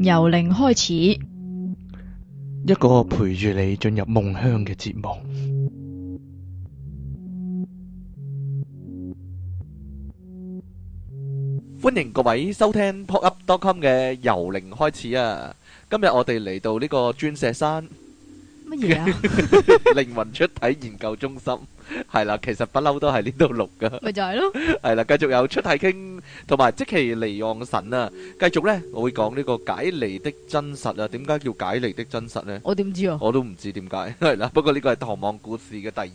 ，由零開始，一個陪住你進入夢鄉嘅節目。歡迎各位收聽 Pop Up.com 嘅由零開始啊！今日我哋嚟到呢個鑽石山。乜嘢啊？靈魂出體研究中心係啦，其實不嬲都係呢度錄噶。咪就係咯。係啦，繼續有出體傾，同埋即期離岸神啊！繼續咧，我會講呢個解離的真實啊，點解叫解離的真實咧？我點知啊？我都唔知點解係啦。不過呢個係唐望故事嘅第二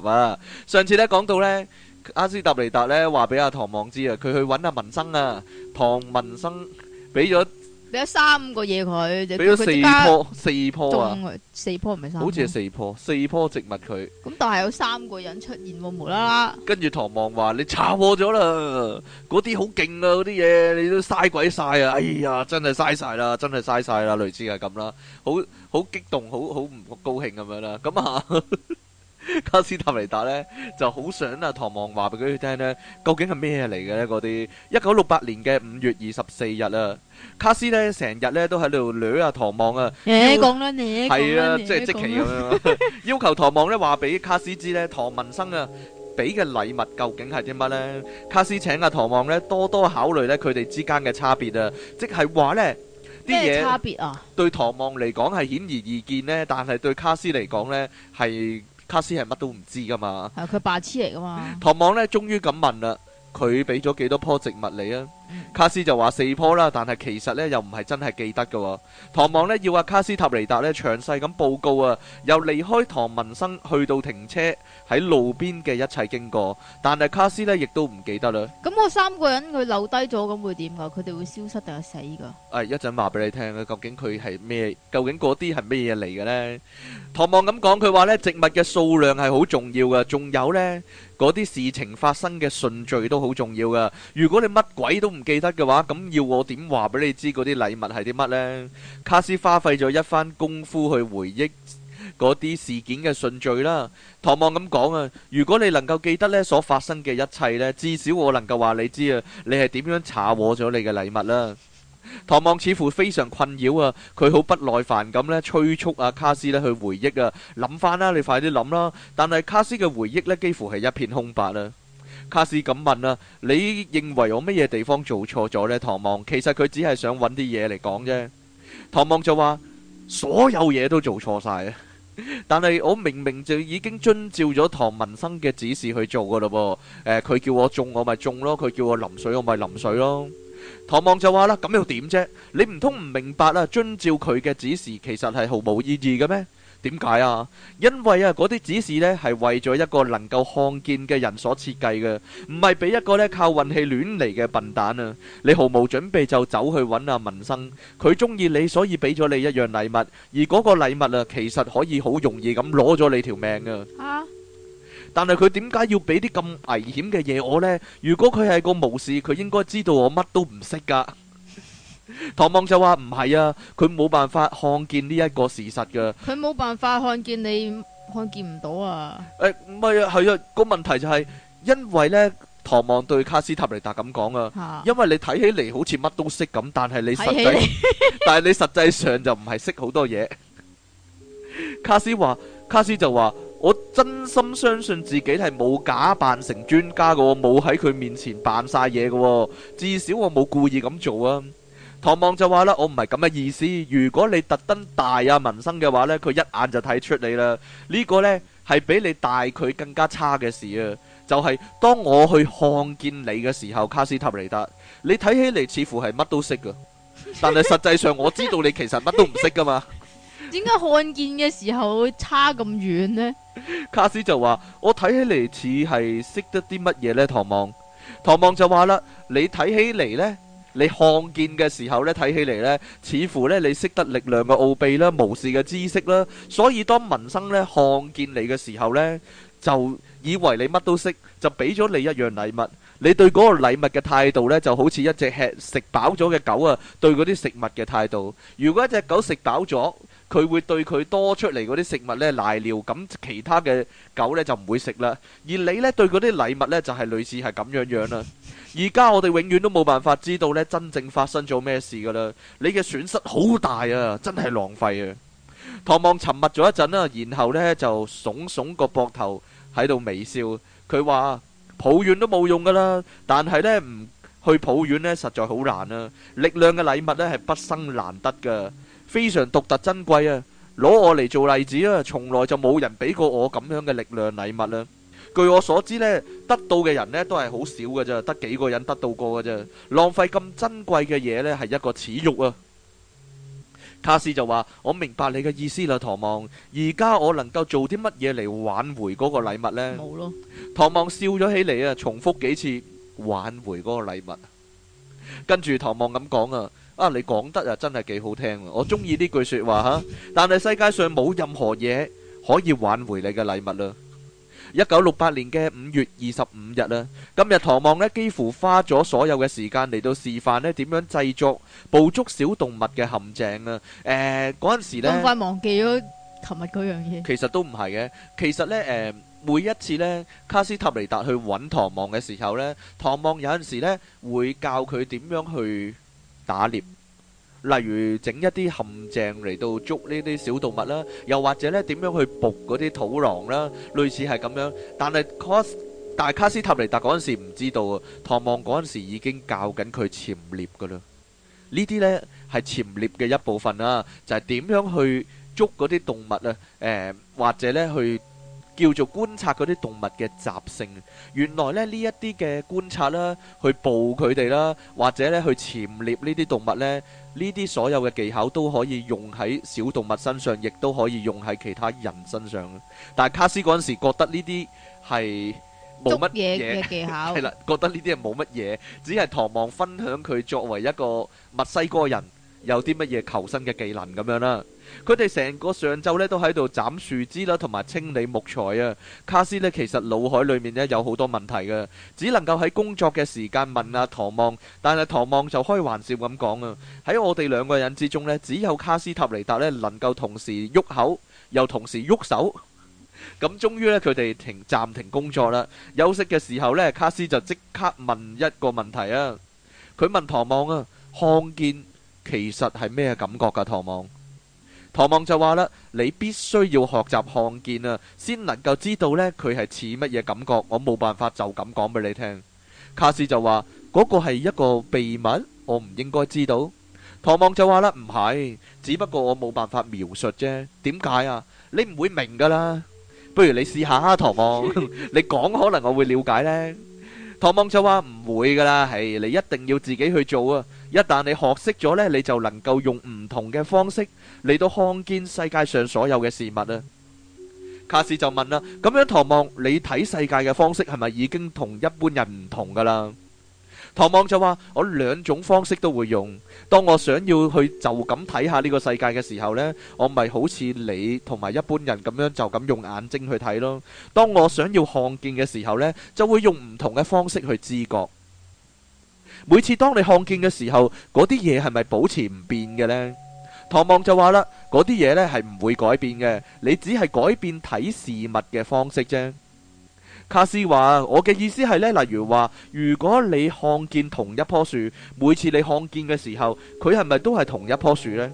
集啊。上次咧講到咧，阿斯達尼達咧話俾阿唐望知啊，佢去揾阿民生啊，唐民生俾咗。俾咗三個嘢佢，俾咗四棵，四棵啊，四棵唔係三棵，好似係四棵四棵植物佢。咁但係有三個人出現喎，無啦啦。跟住唐望話：你查貨咗啦，嗰啲好勁啊，嗰啲嘢你都嘥鬼晒啊！哎呀，真係嘥晒啦，真係嘥晒啦，類似係咁啦，好好激動，好好唔高興咁樣啦，咁啊。 卡斯塔尼達咧就好想啊，唐望話俾佢聽呢，究竟係咩嚟嘅呢？嗰啲一九六八年嘅五月二十四日啊，卡斯咧成日咧都喺度捋啊，唐望啊，講啦、欸、要你係啊，即係即期咁樣， 要求唐望咧話俾卡斯知咧，唐文生啊俾嘅禮物究竟係啲乜咧？卡斯請阿唐望咧多多考慮咧，佢哋之間嘅差別啊，即係話咧啲嘢差別啊，對唐望嚟講係顯而易見咧，但係對卡斯嚟講咧係。卡斯係乜都唔知㗎嘛， 霸嘛，係佢白痴嚟㗎嘛。唐望咧，終於咁問啦。佢俾咗幾多棵植物你啊？卡斯就話四棵啦，但係其實呢又唔係真係記得嘅。唐望呢要阿卡斯塔尼達呢詳細咁報告啊，由離開唐文生去到停車喺路邊嘅一切經過，但係卡斯呢亦都唔記得啦。咁我三個人佢留低咗，咁會點噶？佢哋會消失定係死噶？哎？一陣話俾你聽啊，究竟佢係咩？究竟嗰啲係咩嘢嚟嘅呢？唐望咁講，佢話呢植物嘅數量係好重要噶，仲有呢。嗰啲事情發生嘅順序都好重要噶。如果你乜鬼都唔記得嘅話，咁要我點話俾你知嗰啲禮物係啲乜呢？卡斯花費咗一番功夫去回憶嗰啲事件嘅順序啦。唐望咁講啊，如果你能夠記得呢所發生嘅一切呢，至少我能夠話你知啊，你係點樣查獲咗你嘅禮物啦。唐望似乎非常困擾啊，佢好不耐煩咁咧催促阿卡斯呢去回憶啊，諗翻啦，你快啲諗啦！但係卡斯嘅回憶呢，幾乎係一片空白啊。卡斯咁問啊：「你認為我乜嘢地方做錯咗呢？」唐望其實佢只係想揾啲嘢嚟講啫。唐望就話：所有嘢都做錯晒啊。」但係我明明就已經遵照咗唐文生嘅指示去做噶啦噃。呃，佢叫我種我咪種咯，佢叫我淋水我咪淋水咯。唐望就話啦，咁又點啫？你唔通唔明白啦、啊？遵照佢嘅指示，其實係毫無意義嘅咩？點解啊？因為啊，嗰啲指示呢係為咗一個能夠看見嘅人所設計嘅，唔係俾一個呢靠運氣亂嚟嘅笨蛋啊。你毫無準備就走去揾啊，民生佢中意你，所以俾咗你一樣禮物，而嗰個禮物啊，其實可以好容易咁攞咗你條命啊。啊但係佢點解要俾啲咁危險嘅嘢，我呢？如果佢係個巫士，佢應該知道我乜都唔識噶。唐望就話唔係啊，佢冇辦法看見呢一個事實噶。佢冇辦法看見你，看見唔到啊。誒唔係啊，係啊，個問題就係因為呢，唐望對卡斯塔尼達咁講啊，因為你睇起嚟好似乜都識咁，但係你實際，但係你實際上就唔係識好多嘢。卡斯話，卡斯就話。我真心相信自己係冇假扮成專家嘅，冇喺佢面前扮晒嘢嘅，至少我冇故意咁做啊。唐望就話啦，我唔係咁嘅意思。如果你特登大下民生嘅話呢，佢一眼就睇出你啦。呢個呢，係比你大佢更加差嘅事啊。就係當我去看見你嘅時候，卡斯塔尼達，你睇起嚟似乎係乜都識噶，但係實際上我知道你其實乜都唔識噶嘛。點解看見嘅時候會差咁遠呢？卡斯就話：我睇起嚟似係識得啲乜嘢呢？唐望，唐望就話啦：你睇起嚟呢？你看見嘅時候呢？睇起嚟呢？似乎呢，你識得力量嘅奧秘啦、無視嘅知識啦。所以當民生呢看見你嘅時候呢，就以為你乜都識，就俾咗你一樣禮物。你對嗰個禮物嘅態度呢，就好似一隻吃食飽咗嘅狗啊，對嗰啲食物嘅態度。如果一隻狗食飽咗，佢會對佢多出嚟嗰啲食物呢，瀨尿，咁其他嘅狗呢就唔會食啦。而你呢對嗰啲禮物呢，就係、是、類似係咁樣樣啦。而家我哋永遠都冇辦法知道呢，真正發生咗咩事噶啦。你嘅損失好大啊，真係浪費啊！唐望沉默咗一陣啦，然後呢就聳聳個膊頭喺度微笑。佢話：抱怨都冇用噶啦，但係呢，唔去抱怨呢，實在好難啦、啊。力量嘅禮物呢，係畢生難得噶。非常獨特珍貴啊！攞我嚟做例子啊，從來就冇人俾過我咁樣嘅力量禮物啦。據我所知呢，得到嘅人呢都係好少噶咋，得幾個人得到過噶咋，浪費咁珍貴嘅嘢呢，係一個恥辱啊！卡斯就話：我明白你嘅意思啦，唐望。而家我能夠做啲乜嘢嚟挽回嗰個禮物呢？冇咯。唐望笑咗起嚟啊，重複幾次挽回嗰個禮物。跟住唐望咁講啊。啊！你講得又真係幾好聽，我中意呢句說話吓。但係世界上冇任何嘢可以挽回你嘅禮物啦。一九六八年嘅五月二十五日啦，今日唐望咧幾乎花咗所有嘅時間嚟到示範咧點樣製作捕捉小動物嘅陷阱啦。誒，嗰陣時咧，咁快忘記咗琴日嗰樣嘢。其實都唔係嘅，其實咧誒，每一次咧卡斯塔尼達去搵唐望嘅時候咧，唐望有陣時咧會教佢點樣去打獵，例如整一啲陷阱嚟到捉呢啲小動物啦，又或者呢點樣去捕嗰啲土狼啦，類似係咁樣。但係卡但係卡斯塔尼達嗰陣時唔知道，唐望嗰陣時已經教緊佢潛獵噶啦。呢啲呢係潛獵嘅一部分啦，就係、是、點樣去捉嗰啲動物啊？誒、呃，或者呢去。叫做觀察嗰啲動物嘅習性，原來咧呢一啲嘅觀察啦，去捕佢哋啦，或者咧去潛獵呢啲動物咧，呢啲所有嘅技巧都可以用喺小動物身上，亦都可以用喺其他人身上。但係卡斯嗰陣時覺得呢啲係冇乜嘢嘅技巧，係啦， 覺得呢啲係冇乜嘢，只係唐望分享佢作為一個墨西哥人，有啲乜嘢求生嘅技能咁樣啦。佢哋成個上晝呢都喺度斬樹枝啦，同埋清理木材啊。卡斯呢其實腦海裏面呢有好多問題嘅，只能夠喺工作嘅時間問阿、啊、唐望，但係唐望就開玩笑咁講啊。喺我哋兩個人之中呢，只有卡斯塔尼達呢能夠同時喐口又同時喐手。咁終於呢，佢哋停暫停工作啦，休息嘅時候呢，卡斯就即刻問一個問題啊。佢問唐望啊，看見，其實係咩感覺噶唐望，唐望就話啦，你必須要學習看見啊，先能夠知道呢，佢係似乜嘢感覺。我冇辦法就咁講俾你聽。卡斯就話嗰個係一個秘密，我唔應該知道。唐望就話啦，唔係，只不過我冇辦法描述啫。點解啊？你唔會明噶啦不如你試下哈，唐望， 你講可能我會了解呢。唐望就話唔會噶啦，係你一定要自己去做啊！一旦你學識咗呢，你就能夠用唔同嘅方式嚟到看見世界上所有嘅事物啊！卡斯就問啦，咁樣唐望，你睇世界嘅方式係咪已經同一般人唔同噶啦？唐望就話：我兩種方式都會用。當我想要去就咁睇下呢個世界嘅時候呢，我咪好似你同埋一般人咁樣就咁用眼睛去睇咯。當我想要看見嘅時候呢，就會用唔同嘅方式去知覺。每次當你看見嘅時候，嗰啲嘢係咪保持唔變嘅呢？唐望就話啦，嗰啲嘢呢係唔會改變嘅，你只係改變睇事物嘅方式啫。卡斯話：我嘅意思係呢。例如話，如果你看見同一棵樹，每次你看見嘅時候，佢係咪都係同一棵樹呢？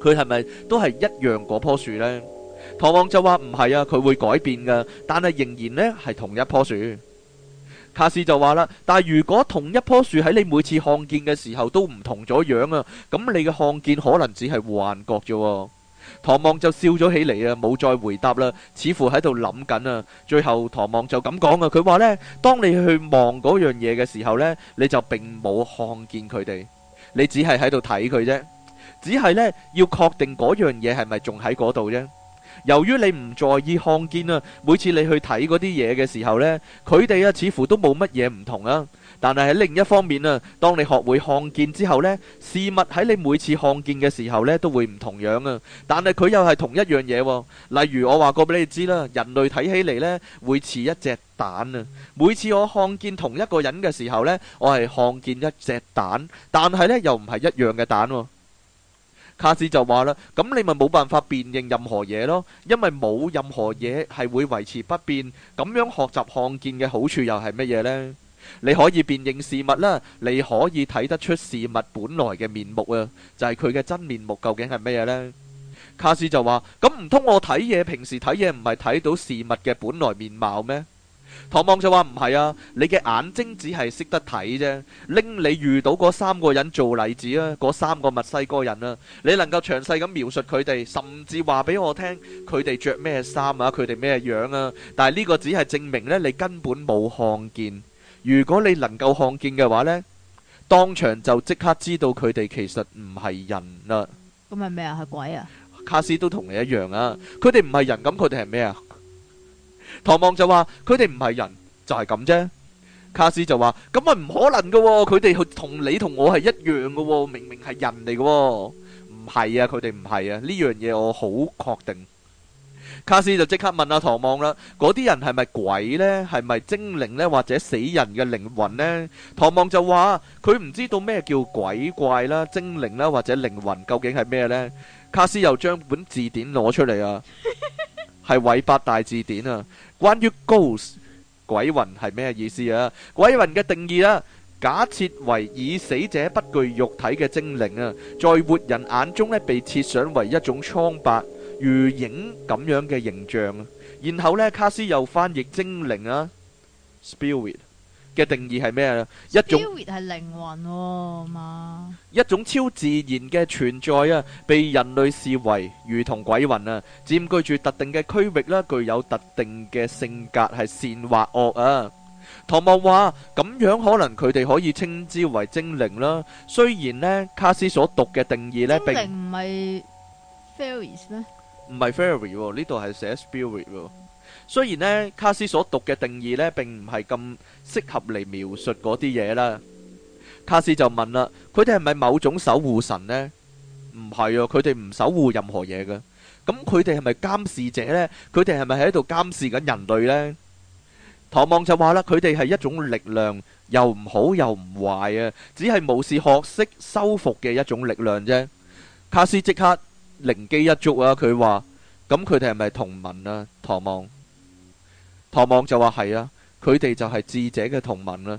佢係咪都係一樣嗰棵樹呢？唐王就話唔係啊，佢會改變嘅，但係仍然呢係同一棵樹。卡斯就話啦，但係如果同一棵樹喺你每次看見嘅時候都唔同咗樣啊，咁你嘅看見可能只係幻覺啫。唐望就笑咗起嚟啊，冇再回答啦，似乎喺度諗緊啊。最後唐望就咁講啊，佢話咧，當你去望嗰樣嘢嘅時候咧，你就並冇看見佢哋，你只係喺度睇佢啫，只係咧要確定嗰樣嘢係咪仲喺嗰度啫。由於你唔在意看見啊，每次你去睇嗰啲嘢嘅時候咧，佢哋啊似乎都冇乜嘢唔同啊。但係喺另一方面啊，當你學會看見之後呢，事物喺你每次看見嘅時候呢，都會唔同樣啊。但係佢又係同一樣嘢。例如我話過俾你知啦，人類睇起嚟呢，會似一隻蛋啊。每次我看見同一個人嘅時候呢，我係看見一隻蛋，但係呢又唔係一樣嘅蛋。卡斯就話啦，咁你咪冇辦法辨認任何嘢咯，因為冇任何嘢係會維持不變。咁樣學習看見嘅好處又係乜嘢呢？你可以辨認事物啦，你可以睇得出事物本來嘅面目啊，就係佢嘅真面目究竟係咩嘢呢？卡斯就話咁唔通我睇嘢，平時睇嘢唔係睇到事物嘅本來面貌咩？唐望就話唔係啊，你嘅眼睛只係識得睇啫，拎你遇到嗰三個人做例子啊，嗰三個墨西哥人啊，你能夠詳細咁描述佢哋，甚至話俾我聽佢哋着咩衫啊，佢哋咩樣啊，但係呢個只係證明呢，你根本冇看見。如果你能夠看見嘅話呢，當場就即刻知道佢哋其實唔係人啦。咁係咩啊？係鬼啊？卡斯都同你一樣啊！佢哋唔係人，咁佢哋係咩啊？唐望就話佢哋唔係人，就係咁啫。卡斯就話咁咪唔可能噶，佢哋去同你同我係一樣噶，明明係人嚟噶，唔係啊！佢哋唔係啊！呢樣嘢我好確定。卡斯就即刻問阿、啊、唐望啦，嗰啲人係咪鬼呢？係咪精靈呢？或者死人嘅靈魂呢？」唐望就話佢唔知道咩叫鬼怪啦、精靈啦或者靈魂究竟係咩呢。」卡斯又將本字典攞出嚟啊，係韋伯大字典啊，關於 ghost 鬼魂係咩意思啊？鬼魂嘅定義啊，假設為以死者不具肉體嘅精靈啊，在活人眼中呢，被設想為一種蒼白。如影咁樣嘅形象啊，然後咧卡斯又翻譯精靈啊 Spirit 嘅定義係咩啊？一種 Spirit 係靈魂嘛？一種超自然嘅存在啊，被人類視為如同鬼魂啊，佔據住特定嘅區域啦，具有特定嘅性格，係善或惡啊。唐望話咁樣可能佢哋可以稱之為精靈啦。雖然咧卡斯所讀嘅定義咧，並精靈唔係 fairies 咩？唔係 fairy 喎，呢度係寫 spirit 喎。雖然咧卡斯所讀嘅定義咧，並唔係咁適合嚟描述嗰啲嘢啦。卡斯就問啦：佢哋係咪某種守護神咧？唔係啊，佢哋唔守護任何嘢嘅。咁佢哋係咪監視者咧？佢哋係咪喺度監視緊人類咧？唐望就話啦：佢哋係一種力量，又唔好又唔壞啊，只係無視學識收服嘅一種力量啫。卡斯即刻。靈機一觸啊！佢話：咁佢哋係咪同盟啊？唐望，唐望就話：係啊！佢哋就係智者嘅同盟啦。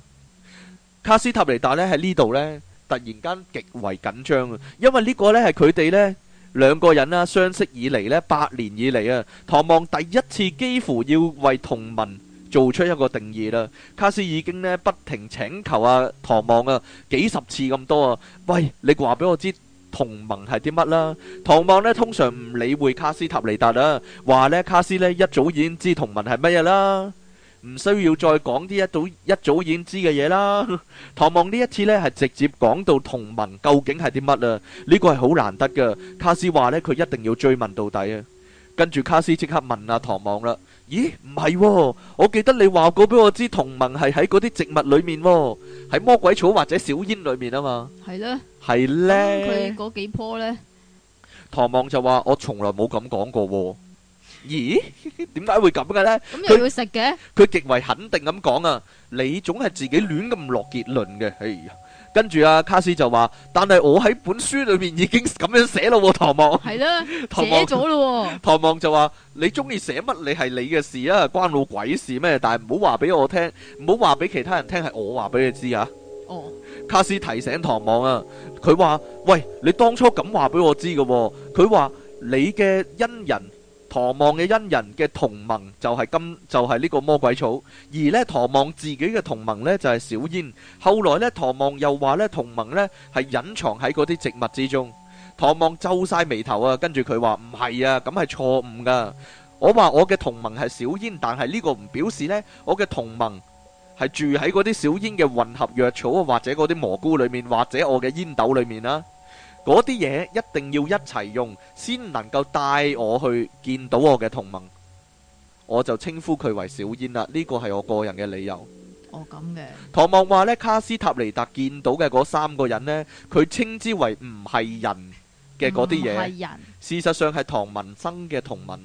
卡斯塔尼達呢喺呢度呢，突然間極為緊張啊！因為呢個呢係佢哋呢兩個人啊相識以嚟呢八年以嚟啊！唐望第一次幾乎要為同盟做出一個定義啦。卡斯已經呢不停請求啊唐望啊幾十次咁多啊！喂，你話俾我知。同盟係啲乜啦？唐望呢通常唔理會卡斯塔尼達啦，話呢，卡斯呢一早已經知同盟係乜嘢啦，唔需要再講啲一早一早已經知嘅嘢啦。唐望呢一次呢係直接講到同盟究竟係啲乜啊？呢個係好難得噶。卡斯話呢，佢一定要追問到底啊！跟住卡斯即刻問阿唐望啦，咦唔係？我記得你話過俾我知，同盟係喺嗰啲植物裏面，喎喺魔鬼草或者小煙裏面啊嘛。係咧，係咧。佢嗰幾棵咧，唐望就話我從來冇咁講過。咦？點解會咁嘅咧？咁又要食嘅？佢極為肯定咁講啊！你總係自己亂咁落結論嘅。哎呀！跟住阿、啊、卡斯就話，但係我喺本書裏面已經咁樣寫咯，啊，唐望係咯，寫咗咯。唐 望就話，嗯、你中意寫乜你係你嘅事啊，關我鬼事咩？但係唔好話俾我聽，唔好話俾其他人聽係我話俾你知啊。哦，卡斯提醒唐望啊，佢話喂，你當初咁話俾我知嘅，啊，佢話你嘅恩人，唐望嘅恩人嘅同盟就係金就係、是，呢個魔鬼草，而呢唐望自己嘅同盟呢就係小煙。後來呢，唐望又話呢同盟呢係隱藏喺嗰啲植物之中。唐望皺晒眉頭啊，跟住佢話唔係啊，咁係錯誤噶我話我嘅同盟係小煙，但係呢個唔表示呢我嘅同盟係住喺嗰啲小煙嘅混合藥草啊，或者嗰啲蘑菇裏面，或者我嘅煙斗裏面啦。嗰啲嘢一定要一齊用，先能夠帶我去見到我嘅同盟，我就稱呼佢為小煙啦。呢個係我個人嘅理由。哦，咁嘅。唐望話咧，卡斯塔尼達見到嘅嗰三個人咧，佢稱之為唔係人嘅嗰啲嘢，事實上係唐文生嘅同盟。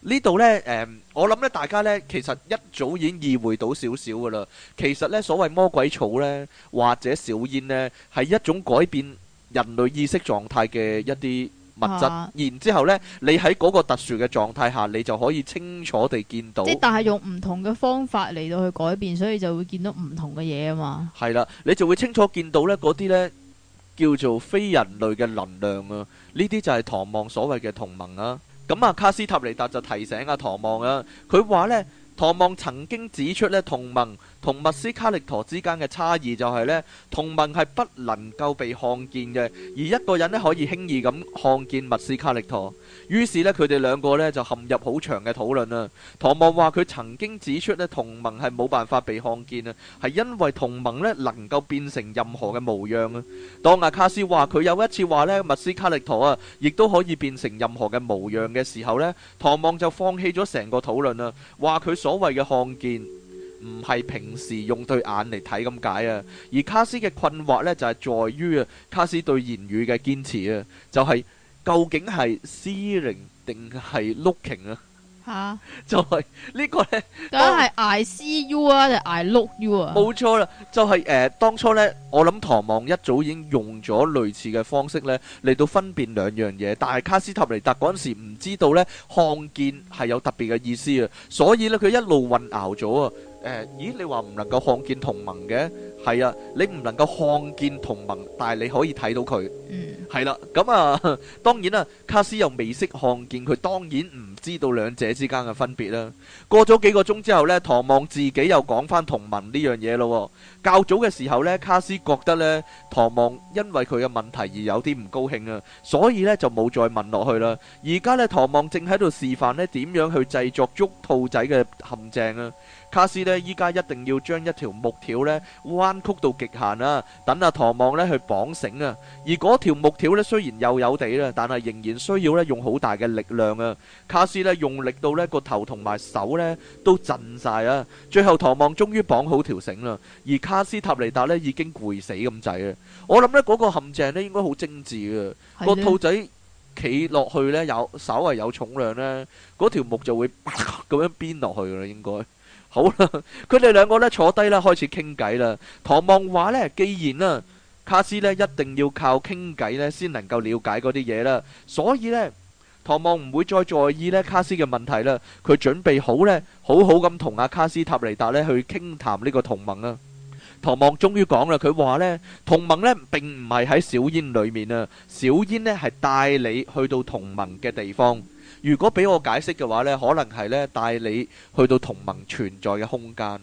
呢度咧，誒，我諗咧，大家咧，其實一早已經意會到少少噶啦。其實咧，所謂魔鬼草咧，或者小煙咧，係一種改變，人類意識狀態嘅一啲物質，啊、然之後呢，你喺嗰個特殊嘅狀態下，你就可以清楚地見到。但係用唔同嘅方法嚟到去改變，所以就會見到唔同嘅嘢啊嘛。係啦，你就會清楚見到呢嗰啲呢，叫做非人類嘅能量啊。呢啲就係唐望所謂嘅同盟啊。咁啊，卡斯塔尼達就提醒阿、啊、唐望啊，佢話呢，唐望曾經指出呢，同盟同密斯卡力陀之間嘅差異就係呢，同盟係不能夠被看見嘅，而一個人呢可以輕易咁看見密斯卡力陀。於是呢，佢哋兩個呢就陷入好長嘅討論啦。唐望話佢曾經指出呢，同盟係冇辦法被看見啊，係因為同盟呢能夠變成任何嘅模樣啊。當阿卡斯話佢有一次話呢，密斯卡力陀啊，亦都可以變成任何嘅模樣嘅時候呢，唐望就放棄咗成個討論啦，話佢所謂嘅看見，唔係平時用對眼嚟睇咁解啊，而卡斯嘅困惑呢，就係、是、在於啊，卡斯對言語嘅堅持啊，就係、是、究竟係 seeing 定係 looking 啊？吓、啊？就係、是、呢、這個呢，梗係 I see you 啊定 I look you 啊？冇錯啦、啊，就係、是、誒、呃，當初呢，我諗唐望一早已經用咗類似嘅方式呢嚟到分辨兩樣嘢，但係卡斯塔尼達嗰陣時唔知道呢，看見係有特別嘅意思啊，所以呢，佢一路混淆咗啊。誒，咦、欸？你話唔能夠看見同盟嘅係啊，你唔能夠看見同盟，但係你可以睇到佢係啦。咁、嗯、啊，啊，當然啦、啊，卡斯又未識看見佢，當然唔知道兩者之間嘅分別啦、啊。過咗幾個鐘之後呢，唐望自己又講翻同盟呢樣嘢咯。較早嘅時候呢，卡斯覺得呢，唐望因為佢嘅問題而有啲唔高興啊，所以呢就冇再問落去啦。而家呢，唐望正喺度示範呢點樣去製作捉兔仔嘅陷阱啊！卡斯呢，依家一定要將一條木條呢彎曲到極限啦、啊，等阿唐望呢去綁繩啊。而嗰條木條呢，雖然幼有地啦，但係仍然需要呢用好大嘅力量啊。卡斯呢用力到呢個頭同埋手呢都震晒啊！最後唐望終於綁好條繩啦，而卡斯塔尼達呢已經攰死咁滯啊！我諗呢嗰、嗰個陷阱呢應該好精緻啊！的個兔仔企落去呢，有稍為有重量呢，嗰條木就會咁、呃、樣邊落去啦，應該。好啦，佢哋兩個咧坐低啦，開始傾偈啦。唐望話咧，既然啊卡斯咧一定要靠傾偈咧，先能夠了解嗰啲嘢啦，所以咧唐望唔會再在意咧卡斯嘅問題啦。佢準備好咧，好好咁同阿卡斯塔尼達咧去傾談呢個同盟啦。唐望終於講啦，佢話咧同盟咧並唔係喺小煙裏面啊，小煙咧係帶你去到同盟嘅地方。如果俾我解釋嘅話呢，可能係咧帶你去到同盟存在嘅空間。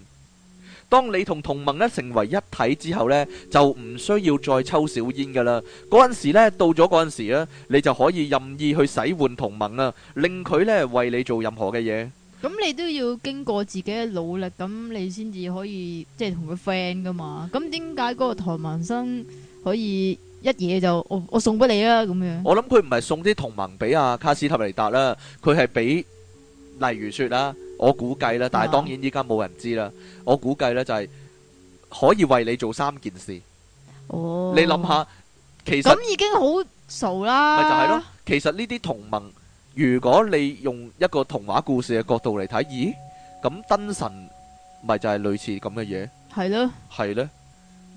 當你同同盟咧成為一體之後呢，就唔需要再抽小煙噶啦。嗰陣時咧，到咗嗰陣時啊，你就可以任意去使喚同盟啦，令佢呢為你做任何嘅嘢。咁你都要經過自己嘅努力，咁你先至可以即係同佢 friend 噶嘛？咁點解嗰個唐望生可以？一嘢就我我送俾你啦咁樣。我諗佢唔係送啲同盟俾阿卡斯塔尼達啦，佢係俾例如說啦，我估計啦，但係當然依家冇人知啦。我估計咧就係可以為你做三件事。哦，你諗下，其實咁已經好傻啦。咪就係咯，其實呢啲同盟，如果你用一個童話故事嘅角度嚟睇，咦，咁燈神咪就係類似咁嘅嘢。係咯，係咯，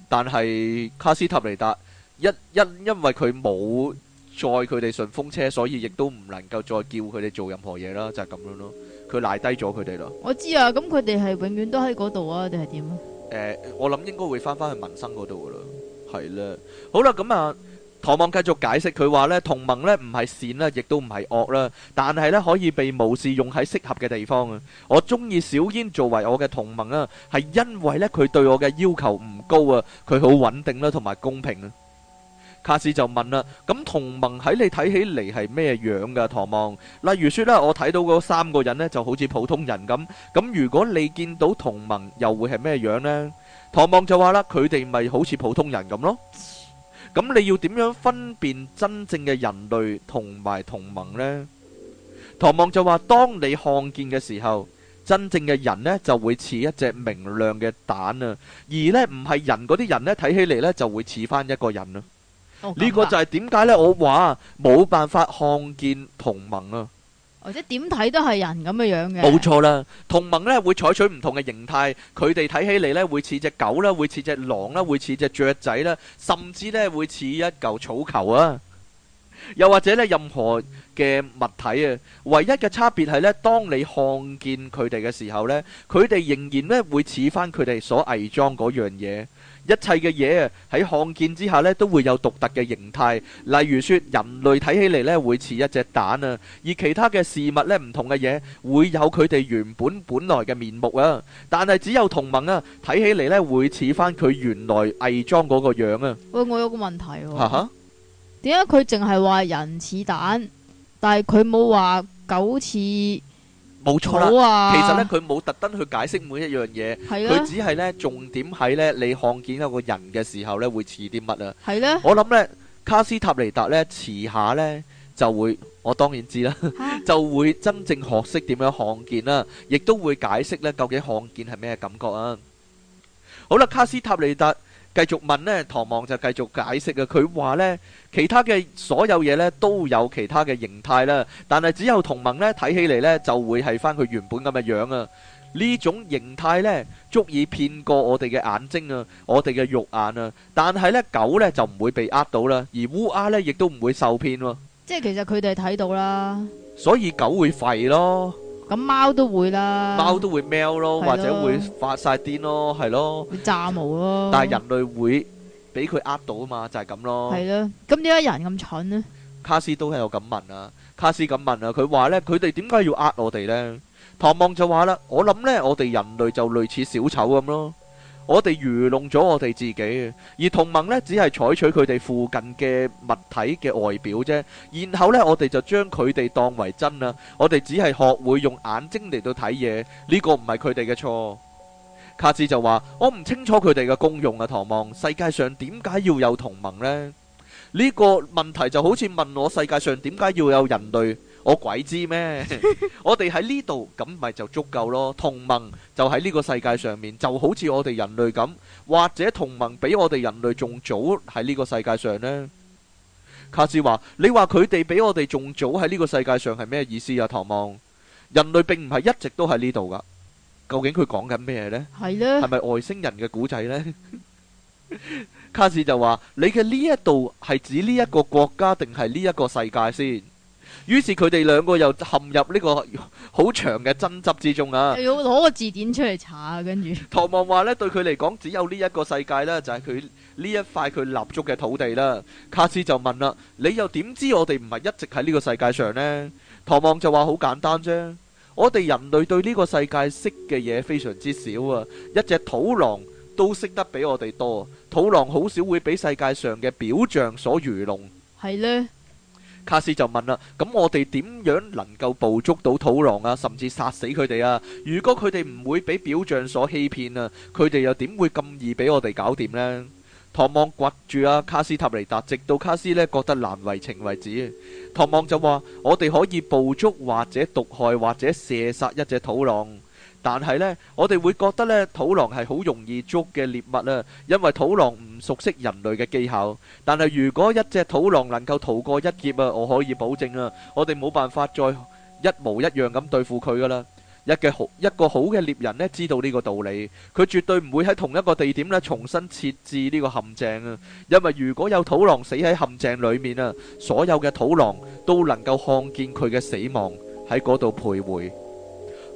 但係卡斯塔尼達。一一，因為佢冇載佢哋順風車，所以亦都唔能夠再叫佢哋做任何嘢啦，就係咁樣咯。佢賴低咗佢哋啦。我知啊，咁佢哋係永遠都喺嗰度啊，定係點啊？誒，我諗應該會翻翻去民生嗰度噶啦。係啦，好啦，咁啊，唐望繼續解釋佢話呢，同盟呢唔係善啦，亦都唔係惡啦，但係呢可以被無視用喺適合嘅地方啊。我中意小煙作為我嘅同盟啊，係因為呢佢對我嘅要求唔高啊，佢好穩定啦，同埋公平啊。卡斯就問啦：咁同盟喺你睇起嚟係咩樣㗎？唐望，例如説咧，我睇到嗰三個人咧，就好似普通人咁。咁如果你見到同盟，又會係咩樣咧？唐望就話啦：佢哋咪好似普通人咁咯。咁你要點樣分辨真正嘅人類同埋同盟咧？唐望就話：當你看見嘅時候，真正嘅人咧就會似一隻明亮嘅蛋啊，而咧唔係人嗰啲人咧睇起嚟咧就會似返一個人啊。呢個就係點解呢？我話冇辦法看見同盟啊，或者點睇都係人咁嘅樣嘅。冇錯啦，同盟呢，會採取唔同嘅形態，佢哋睇起嚟呢，會似隻狗啦，會似隻狼啦，會似隻雀仔啦，甚至呢，會似一嚿草球啊。又或者呢，任何嘅物體啊，唯一嘅差別係呢，當你看見佢哋嘅時候呢，佢哋仍然呢，會似翻佢哋所偽裝嗰樣嘢。一切嘅嘢喺看見之下咧都會有獨特嘅形態，例如說人類睇起嚟咧會似一隻蛋啊，而其他嘅事物咧唔同嘅嘢會有佢哋原本本來嘅面目啊，但係只有同盟啊睇起嚟咧會似返佢原來偽裝嗰個樣啊。喂，我有個問題喎，啊，點解佢淨係話人似蛋，但係佢冇話狗似？冇錯、啊、其實呢，佢冇特登去解釋每一樣嘢，佢、啊、只係呢重點喺呢你看見一個人嘅時候呢會似啲乜啊？啊我諗呢，卡斯塔尼達呢遲下呢，就會，我當然知啦， 就會真正學識點樣看見啦，亦都會解釋呢，究竟看見係咩感覺啊！好啦，卡斯塔尼達。繼續問呢，唐望就繼續解釋啊。佢話呢，其他嘅所有嘢呢都有其他嘅形態啦，但係只有同盟呢，睇起嚟呢就會係翻佢原本咁嘅樣啊。呢種形態呢足以騙過我哋嘅眼睛啊，我哋嘅肉眼啊。但係呢，狗呢就唔會被呃到啦，而烏鴉呢亦都唔會受騙喎。即係其實佢哋睇到啦，所以狗會吠咯。咁貓都會啦，貓都會喵咯，或者會發晒癲咯，係咯，會炸毛咯。但係人類會俾佢呃到啊嘛，就係咁咯。係咯，咁點解人咁蠢呢？卡斯都係有咁問啊，卡斯咁問啊，佢話呢，佢哋點解要呃我哋呢？唐望就話啦，我諗呢，我哋人類就類似小丑咁咯。我哋愚弄咗我哋自己，而同盟呢，只係採取佢哋附近嘅物體嘅外表啫。然後呢，我哋就將佢哋當為真啦。我哋只係學會用眼睛嚟到睇嘢，呢個唔係佢哋嘅錯。卡茲就話：我唔清楚佢哋嘅功用啊，唐望。世界上點解要有同盟呢？呢個問題就好似問我世界上點解要有人類？我鬼知咩？ 我哋喺呢度咁，咪就足夠咯。同盟就喺呢個世界上面，就好似我哋人類咁，或者同盟比我哋人類仲早喺呢個世界上呢？卡斯話：你話佢哋比我哋仲早喺呢個世界上係咩意思啊？唐望，人類並唔係一直都喺呢度噶。究竟佢講緊咩呢？係咪呢外星人嘅古仔呢？ 」卡斯就話：你嘅呢一度係指呢一個國家定係呢一個世界先？於是佢哋兩個又陷入呢個好長嘅爭執之中啊！又要攞個字典出嚟查，跟住。唐望話呢，對佢嚟講，只有呢一個世界啦，就係佢呢一塊佢立足嘅土地啦。卡斯就問啦：你又點知我哋唔係一直喺呢個世界上呢？唐望就話好簡單啫，我哋人類對呢個世界識嘅嘢非常之少啊！一隻土狼都識得比我哋多，土狼好少會俾世界上嘅表象所愚弄。係呢。卡斯就問啦：咁我哋點樣能夠捕捉到土狼啊，甚至殺死佢哋啊？如果佢哋唔會俾表象所欺騙啊，佢哋又點會咁易俾我哋搞掂呢？唐望掘住卡斯塔尼達，直到卡斯呢覺得難為情為止。唐望就話：我哋可以捕捉或者毒害或者射殺一隻土狼。但係呢，我哋會覺得呢，土狼係好容易捉嘅獵物啦，啊，因為土狼唔熟悉人類嘅技巧。但係如果一隻土狼能夠逃過一劫啊，我可以保證啊，我哋冇辦法再一模一樣咁對付佢噶啦。一個好，一個好嘅獵人呢，知道呢個道理，佢絕對唔會喺同一個地點呢重新設置呢個陷阱啊，因為如果有土狼死喺陷阱裡面啊，所有嘅土狼都能夠看見佢嘅死亡喺嗰度徘徊。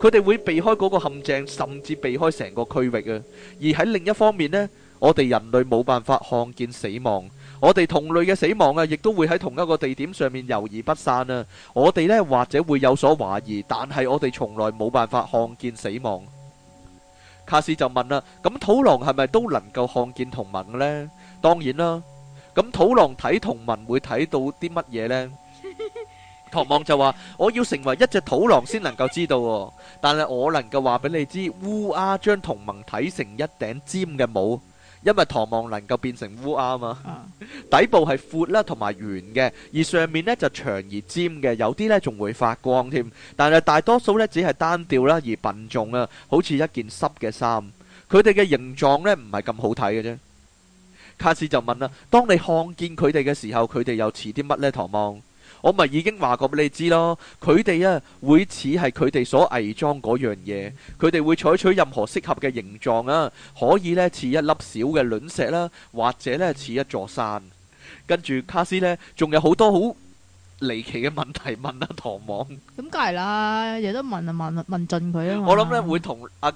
佢哋會避開嗰個陷阱，甚至避開成個區域啊！而喺另一方面咧，我哋人類冇辦法看見死亡，我哋同類嘅死亡啊，亦都會喺同一個地點上面猶疑不散啊！我哋咧或者會有所懷疑，但係我哋從來冇辦法看見死亡。卡斯就問啦：咁土狼係咪都能夠看見同盟嘅咧？當然啦！咁土狼睇同盟會睇到啲乜嘢咧？唐望就話：我要成為一隻土狼先能夠知道、哦，但係我能夠話俾你知，烏鴉將同盟睇成一頂尖嘅帽，因為唐望能夠變成烏鴉啊嘛。 底部係闊啦，同埋圓嘅，而上面呢就長而尖嘅，有啲呢仲會發光添。但係大多數呢只係單調啦，而笨重啦，好似一件濕嘅衫。佢哋嘅形狀呢唔係咁好睇嘅啫。卡斯就問啦：當你看見佢哋嘅時候，佢哋又似啲乜呢？唐望。我咪已經話過俾你知咯，佢哋啊會似係佢哋所偽裝嗰樣嘢，佢哋會採取任何適合嘅形狀啊，可以咧似一粒小嘅卵石啦，或者咧似一座山。跟住卡斯咧，仲有好多好離奇嘅問題問阿唐望。咁梗係啦，日日都問啊問問問盡佢啊嘛。我諗咧會同阿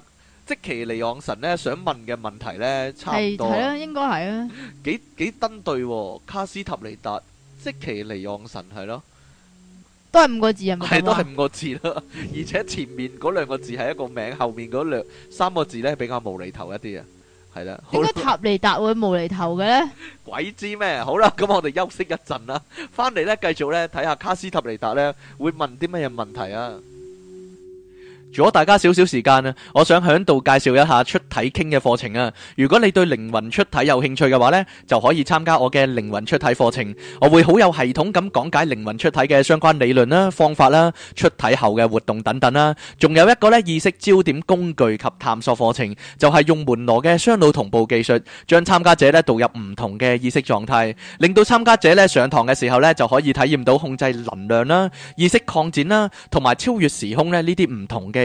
即奇尼昂神咧想問嘅問題咧差唔多。係係啦，應該係啦。幾幾登對喎，卡斯塔尼達。即其嚟讓神係咯，都係五個字啊，係咪都係五個字咯， 而且前面嗰兩個字係一個名，後面嗰兩三個字咧比較無厘頭一啲啊，係啦，點解塔利達會無厘頭嘅咧？鬼知咩？好啦，咁我哋休息一陣啦，翻嚟咧繼續咧睇下卡斯塔利達咧會問啲咩嘢問題啊！如果大家少少時間啊，我想喺度介紹一下出體傾嘅課程啊。如果你對靈魂出體有興趣嘅話咧，就可以參加我嘅靈魂出體課程。我會好有系統咁講解靈魂出體嘅相關理論啦、方法啦、出體後嘅活動等等啦。仲有一個咧意識焦點工具及探索課程，就係用門羅嘅雙腦同步技術，將參加者咧導入唔同嘅意識狀態，令到參加者咧上堂嘅時候咧就可以體驗到控制能量啦、意識擴展啦，同埋超越時空咧呢啲唔同嘅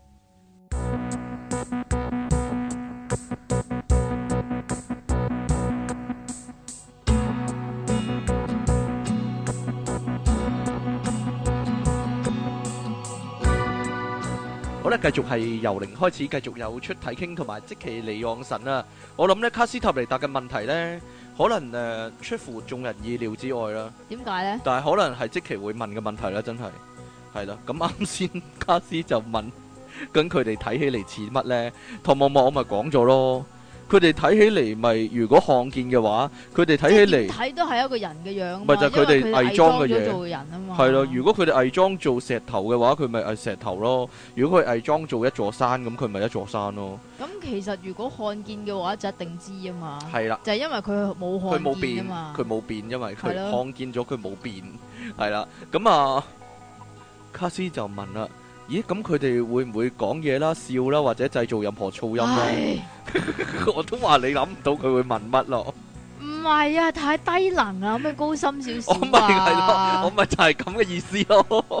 咧繼續係由零開始，繼續有出體傾同埋即期離望神啦。我諗咧卡斯塔尼達嘅問題咧，可能誒出乎眾人意料之外啦。點解咧？但係可能係即期會問嘅問題啦，真係係啦。咁啱先卡斯就問，咁佢哋睇起嚟似乜咧？唐望望我咪講咗咯。佢哋睇起嚟咪，如果看見嘅話，佢哋睇起嚟睇都係一個人嘅樣。咪就係佢哋偽裝嘅嘢，做人啊嘛。係咯，如果佢哋偽裝做石頭嘅話，佢咪係石頭咯；如果佢偽裝做一座山咁，佢咪一座山咯。咁其實如果看見嘅話，就一,一定知啊嘛。係啦了，就係因為佢冇看見啊嘛，佢冇變，了變，因為佢看見咗佢冇變。係啦，咁啊，卡斯就問啦。咦？咁佢哋會唔會講嘢啦、笑啦，或者製造任何噪音咧？唉 我都話你諗唔到佢會問乜咯。唔係啊，太低能點點啊！咁樣高深少少啊！我咪係咯，我咪就係咁嘅意思咯。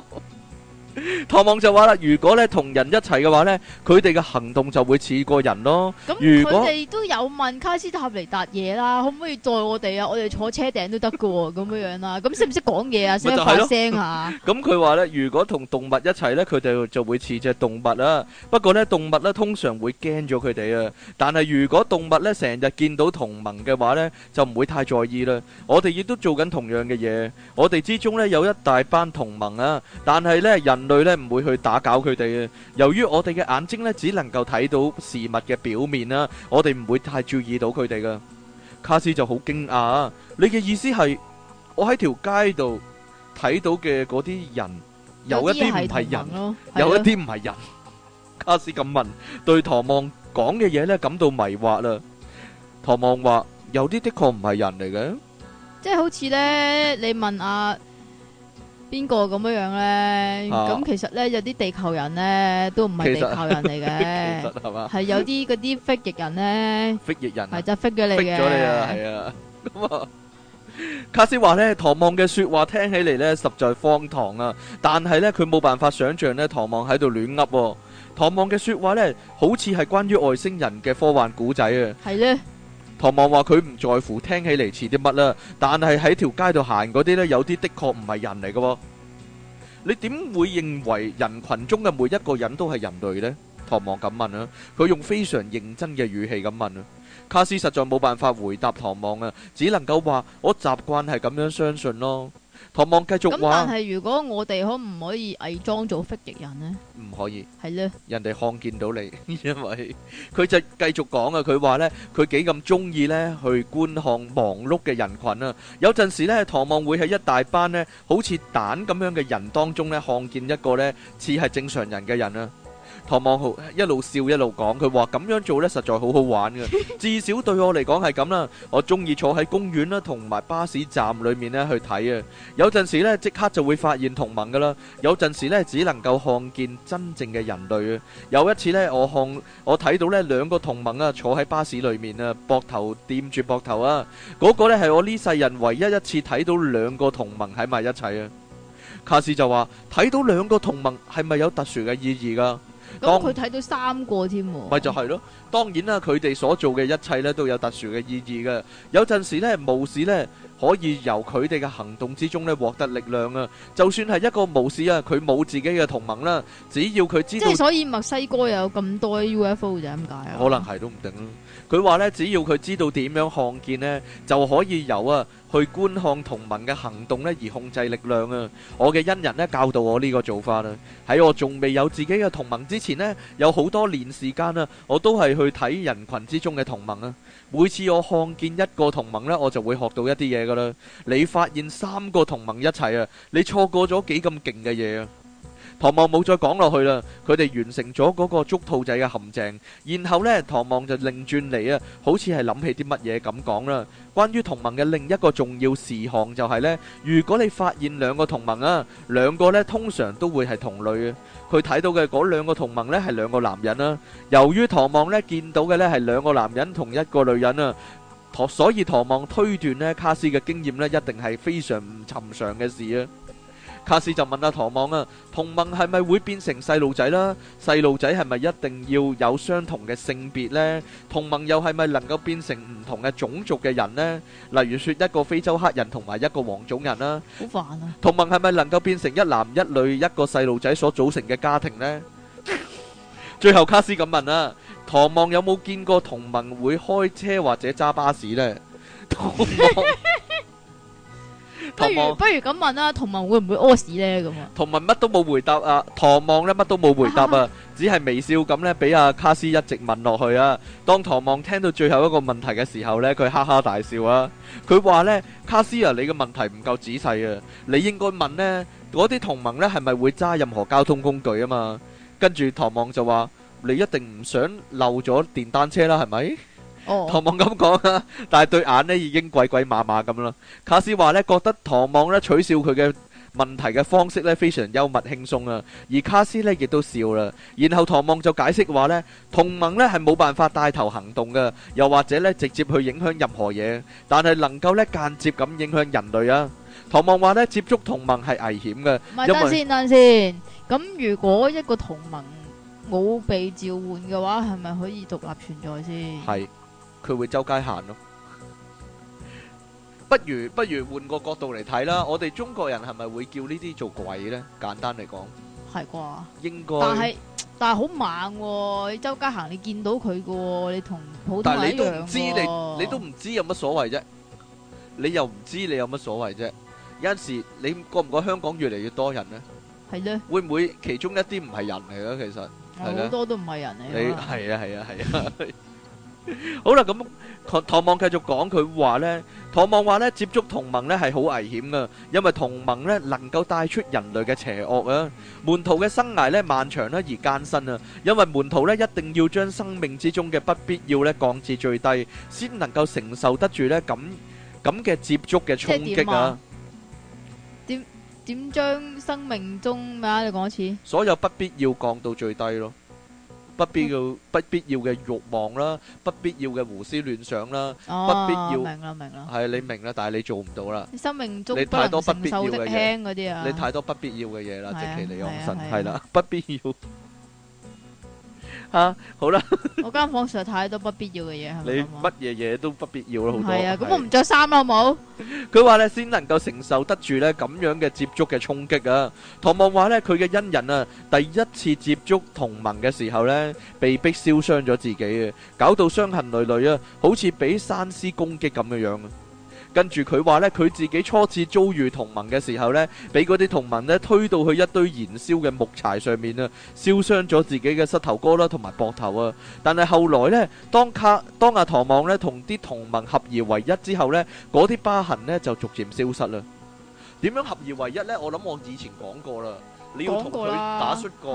唐望就話啦，如果咧同人一齊嘅話咧，佢哋嘅行動就會似過人咯。咁佢哋都有問卡斯塔尼達嘢啦，可唔可以載我哋啊？我哋坐車頂都得㗎，咁樣樣啦。咁識唔識講嘢啊？識發聲吓？咁佢話咧，如果同動物一齊咧，佢哋就會似隻動物啦。不過咧，動物咧通常會驚咗佢哋啊。但係如果動物咧成日見到同盟嘅話咧，就唔會太在意啦。我哋亦都做緊同樣嘅嘢，我哋之中咧有一大班同盟啊。但係咧人。人類咧唔會去打攪佢哋嘅，由於我哋嘅眼睛咧只能夠睇到事物嘅表面啦，我哋唔會太注意到佢哋噶。卡斯就好驚訝，你嘅意思係我喺條街度睇到嘅嗰啲人有一啲唔係人，有一啲唔係人。卡斯咁問，對唐望講嘅嘢咧感到迷惑啦。唐望話有啲的確唔係人嚟嘅，即係好似咧，你問阿。邊個咁樣樣咧？咁、啊、其實咧有啲地球人咧都唔係地球人嚟嘅，係其實 有啲嗰啲蜥蜴人咧，蜥蜴人係就蜥嘅嚟嘅，蜥咗你啊，係啊咁啊！了了 卡斯話咧，唐望嘅說話聽起嚟咧實在荒唐啊，但係咧佢冇辦法想象咧唐望喺度亂噏，唐望嘅說、啊、說話咧好似係關於外星人嘅科幻古仔啊，係咧。唐望話佢唔在乎，聽起嚟似啲乜啦？但係喺條街度行嗰啲呢，有啲的確唔係人嚟嘅。你點會認為人群中嘅每一個人都係人類呢？唐望咁問啦，佢用非常認真嘅語氣咁問啦。卡斯實在冇辦法回答唐望啊，只能夠話我習慣係咁樣相信咯。唐望繼續話，咁但係如果我哋可唔可以偽裝做蜥蜴人呢？唔可以，係呢，人哋看見到你，因為佢就繼續講啊，佢話呢，佢幾咁中意呢去觀看忙碌嘅人群啊，有陣時呢，唐望會喺一大班呢好似蛋咁樣嘅人當中呢，看見一個呢似係正常人嘅人啊。一路笑一路講，佢話咁樣做呢實在好好玩嘅。至少對我嚟講係咁啦。我中意坐喺公園啦，同埋巴士站裏面呢去睇啊。有陣時呢即刻就會發現同盟噶啦，有陣時呢只能夠看見真正嘅人類啊。有一次呢，我看我睇到呢兩個同盟啊坐喺巴士裏面啊，膊頭掂住膊頭啊。嗰個呢係我呢世人唯一一次睇到兩個同盟喺埋一齊啊。卡斯就話睇到兩個同盟係咪有特殊嘅意義噶？咁佢睇到三個添，咪就係咯。當然啦、啊，佢哋所做嘅一切咧都有特殊嘅意義嘅。有陣時咧，巫師咧可以由佢哋嘅行動之中咧獲得力量啊。就算係一個巫師啊，佢冇自己嘅同盟啦、啊，只要佢知道，即係所以墨西哥又有咁多 UFO 就噉解啊？可能係都唔定。佢話咧，只要佢知道點樣看見咧，就可以由啊去觀看同盟嘅行動咧，而控制力量啊。我嘅恩人咧，教導我呢個做法啦。喺我仲未有自己嘅同盟之前咧，有好多年時間啊，我都係去睇人群之中嘅同盟啊。每次我看見一個同盟咧，我就會學到一啲嘢噶啦。你發現三個同盟一齊啊，你錯過咗幾咁勁嘅嘢啊！唐望冇再講落去啦，佢哋完成咗嗰個捉兔仔嘅陷阱，然後咧唐望就擰轉嚟啊，好似係諗起啲乜嘢咁講啦。關於同盟嘅另一個重要事項就係咧，如果你發現兩個同盟啊，兩個咧通常都會係同類嘅。佢睇到嘅嗰兩個同盟咧係兩個男人啊。由於唐望咧見到嘅咧係兩個男人同一個女人啊，唐所以唐望推斷咧卡斯嘅經驗咧一定係非常唔尋常嘅事啊。卡斯就問阿唐望啊，同盟係咪會變成細路仔啦？細路仔係咪一定要有相同嘅性別呢？同盟又係咪能夠變成唔同嘅種族嘅人呢？例如說一個非洲黑人同埋一個黃種人啦。好煩啊！同盟係咪能夠變成一男一女一個細路仔所組成嘅家庭呢？最後卡斯咁問啊，唐望有冇見過同盟會開車或者揸巴士呢？同盟。不如不如咁問啦，啊，同盟會唔會屙屎呢，咁啊？同盟乜都冇回答啊，唐望呢乜都冇回答啊， 只係微笑咁呢，俾阿卡斯一直問落去啊。當唐望聽到最後一個問題嘅時候呢，佢哈哈大笑啊。佢話呢，卡斯啊，你嘅問題唔夠仔細啊，你應該問呢嗰啲同盟呢係咪會揸任何交通工具啊嘛？跟住唐望就話，你一定唔想漏咗電單車啦，係咪？唐望咁講啊，但係對眼咧，已經鬼鬼馬馬咁啦。卡斯話咧覺得唐望咧取笑佢嘅問題嘅方式咧非常幽默輕鬆啊，而卡斯咧亦都笑啦。然後唐望就解釋話咧，同盟咧係冇辦法帶頭行動㗎，又或者咧直接去影響任何嘢，但係能夠咧間接咁影響人類啊。唐望話咧接觸同盟係危險嘅。唔係等先，等先，咁如果一個同盟冇被召喚嘅話，係咪可以獨立存在先？係。佢會周街行咯，不如不如換個角度嚟睇啦。我哋中國人係咪會叫呢啲做鬼呢？簡單嚟講，係啩？應該。但係但係好猛喎！你周街行，你見到佢嘅喎，你同普通但係你都唔知你，你都唔知有乜所謂啫。你又唔知你有乜所謂啫？有陣時你覺唔覺香港越嚟越多人呢？係咧。會唔會其中一啲唔係人嚟嘅？其實好多都唔係人嚟。你係啊係啊係啊！好啦，咁唐唐望繼續講，佢話咧，唐望話咧接觸同盟咧係好危險噶因為同盟咧能夠帶出人類嘅邪惡啊。門徒嘅生涯咧漫長咧而艱辛啊，因為門徒咧一定要將生命之中嘅不必要咧降至最低，先能夠承受得住咧咁咁嘅接觸嘅衝擊啊。點點將生命中咩啊？你講一次。所有不必要降到最低咯。不必要、不必要嘅欲望啦，不必要嘅胡思亂想啦，不必要係、哦、你明啦，但係你做唔到啦。生命中你太多不必要嘅嘢，你太多不必要嘅嘢啦，尤、啊、其你用神。係啦、啊啊啊啊，不必要。 吓、啊，好啦， 我間房實在太多不必要嘅嘢，係咪？你乜嘢嘢都不必要咯、嗯啊是，好多。係啊，咁我唔着衫啦，好冇？佢話咧，先能夠承受得住咧咁樣嘅接觸嘅衝擊啊！唐望話咧，佢嘅恩人啊，第一次接觸同盟嘅時候咧，被逼燒傷咗自己嘅，搞到傷痕累累啊，好似俾山獅攻擊咁嘅樣，樣。跟住佢話咧，佢自己初次遭遇同盟嘅時候咧，俾嗰啲同盟咧推到去一堆燃燒嘅木柴上面啊，燒傷咗自己嘅膝頭哥啦，同埋膊頭啊。但係後來咧，當卡當阿唐望咧同啲同盟合而為一之後咧，嗰啲疤痕咧就逐漸消失啦。點樣合而為一咧？我諗我以前講過啦，你要同佢打摔角，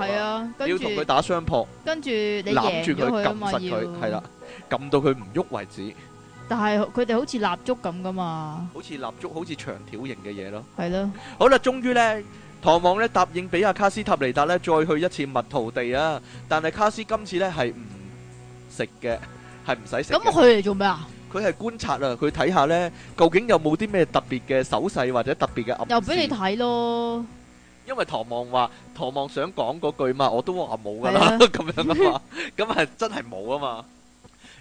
要同佢打雙撲，跟住攬住佢，撳實佢，係啦，撳到佢唔喐為止。但係佢哋好似蠟燭咁噶嘛？好似蠟燭，好似長條形嘅嘢咯。係咯。好啦，終於咧，唐望咧答應俾阿卡斯塔尼達咧再去一次蜜桃地啊！但係卡斯今次咧係唔食嘅，係唔使食。咁佢嚟做咩啊？佢係觀察啊！佢睇下咧，究竟有冇啲咩特別嘅手勢或者特別嘅暗示？又俾你睇咯。因為唐望話，唐望想講嗰句嘛，我都話冇噶啦，咁樣噶嘛，咁係真係冇啊嘛。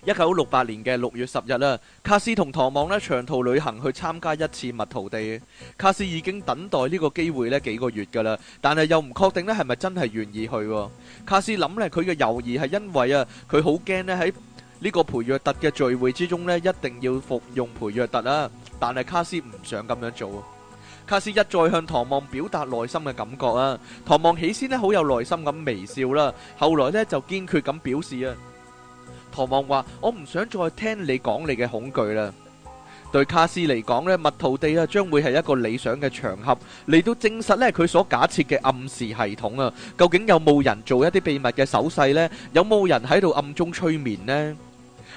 一九六八年嘅六月十日啦，卡斯同唐望咧長途旅行去參加一次蜜桃地。卡斯已經等待呢個機會咧幾個月噶啦，但係又唔確定咧係咪真係願意去。卡斯諗咧佢嘅猶豫係因為啊，佢好驚咧喺呢個培約特嘅聚會之中咧一定要服用培約特啊。但係卡斯唔想咁樣做。卡斯一再向唐望表達內心嘅感覺啊。唐望起先咧好有耐心咁微笑啦，後來咧就堅決咁表示啊。唐望話：我唔想再聽你講你嘅恐懼啦。對卡斯嚟講呢，麥途地啊將會係一個理想嘅場合嚟到證實呢，佢所假設嘅暗示系統啊。究竟有冇人做一啲秘密嘅手勢呢？有冇人喺度暗中催眠呢？」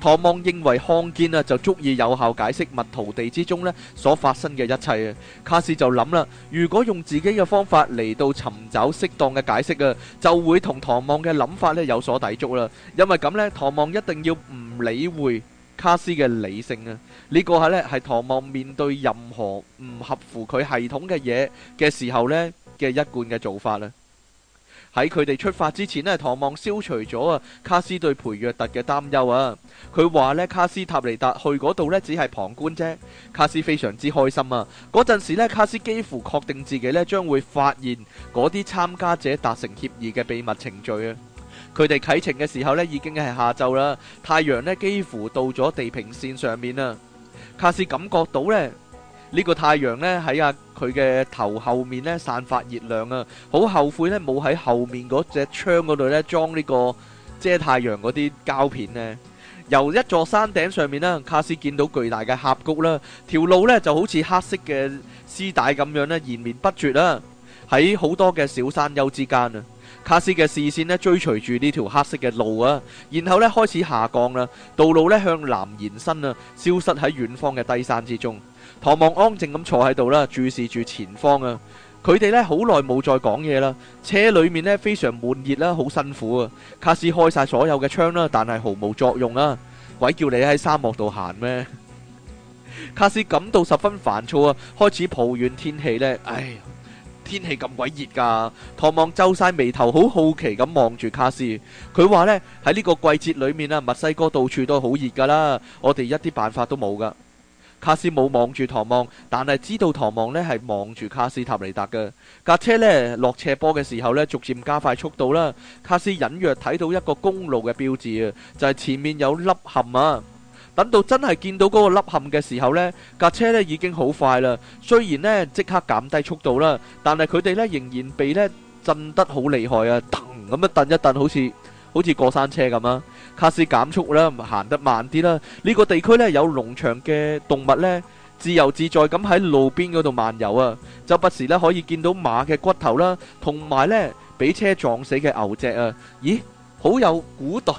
唐望認為看見啊就足以有效解釋麥陀地之中咧所發生嘅一切啊，卡斯就諗啦，如果用自己嘅方法嚟到尋找適當嘅解釋啊，就會同唐望嘅諗法咧有所抵觸啦。因為咁咧，唐望一定要唔理會卡斯嘅理性啊，呢個係咧係唐望面對任何唔合乎佢系統嘅嘢嘅時候咧嘅一貫嘅做法啦。喺佢哋出發之前咧，唐望消除咗啊，卡斯對培約特嘅擔憂啊。佢話咧，卡斯塔尼達去嗰度咧，只係旁觀啫。卡斯非常之開心啊。嗰陣時咧，卡斯幾乎確定自己咧將會發現嗰啲參加者達成協議嘅秘密程序啊。佢哋啟程嘅時候咧，已經係下晝啦，太陽咧幾乎到咗地平線上面啦。卡斯感覺到呢。呢個太陽呢，喺啊佢嘅頭後面呢，散發熱量啊，好後悔呢，冇喺後面嗰隻窗嗰度呢裝呢個遮太陽嗰啲膠片呢。由一座山頂上面呢，卡斯見到巨大嘅峽谷啦，條路呢就好似黑色嘅絲帶咁樣呢，延綿不絕啦。喺好多嘅小山丘之間啊，卡斯嘅視線呢，追隨住呢條黑色嘅路啊，然後呢，開始下降啦，道路呢，向南延伸啊，消失喺遠方嘅低山之中。唐望安靜咁坐喺度啦，注視住前方啊！佢哋呢好耐冇再講嘢啦。車裏面呢非常悶熱啦，好辛苦啊！卡斯開晒所有嘅窗啦，但係毫無作用啊！鬼叫你喺沙漠度行咩？ 卡斯感到十分煩躁啊，開始抱怨天氣呢。唉，天氣咁鬼熱噶！唐望皺晒眉頭，好好奇咁望住卡斯。佢話呢，喺呢個季節裏面啊，墨西哥到處都好熱噶啦，我哋一啲辦法都冇噶。卡斯冇望住唐望，但係知道唐望咧係望住卡斯塔尼達嘅架車咧落斜坡嘅時候咧，逐漸加快速度啦。卡斯隱約睇到一個公路嘅標誌啊，就係前面有凹陷啊。等到真係見到嗰個凹陷嘅時候咧，架車咧已經好快啦。雖然咧即刻減低速度啦，但係佢哋咧仍然被咧震得好厲害啊！噔咁啊，頓一頓好似好似過山車咁啊！卡斯減速啦，行得慢啲啦。呢個地區呢，有農場嘅動物呢，自由自在咁喺路邊嗰度漫遊啊。就不時呢可以見到馬嘅骨頭啦、啊，同埋呢俾車撞死嘅牛隻啊。咦，好有古代。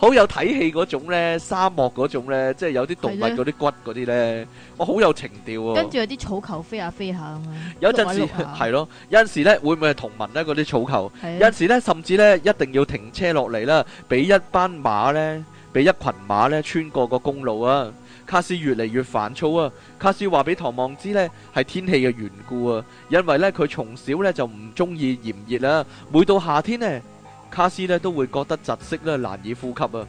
好有睇戲嗰種呢，沙漠嗰種呢，即係有啲動物嗰啲骨嗰啲呢。我的、哦、好有情調啊！跟住有啲草球飛下飛下咁啊，有陣時係咯，有陣時咧會唔會係同盟呢？嗰啲草球，的有陣時咧甚至咧一定要停車落嚟啦，俾一班馬呢，俾一群馬呢，群馬呢穿過個公路啊！卡斯越嚟越煩躁啊！卡斯話俾唐望知呢係天氣嘅緣故啊，因為呢，佢從小呢就唔中意炎熱啦，每到夏天呢。卡斯呢都會覺得窒息呢，難以呼吸啊！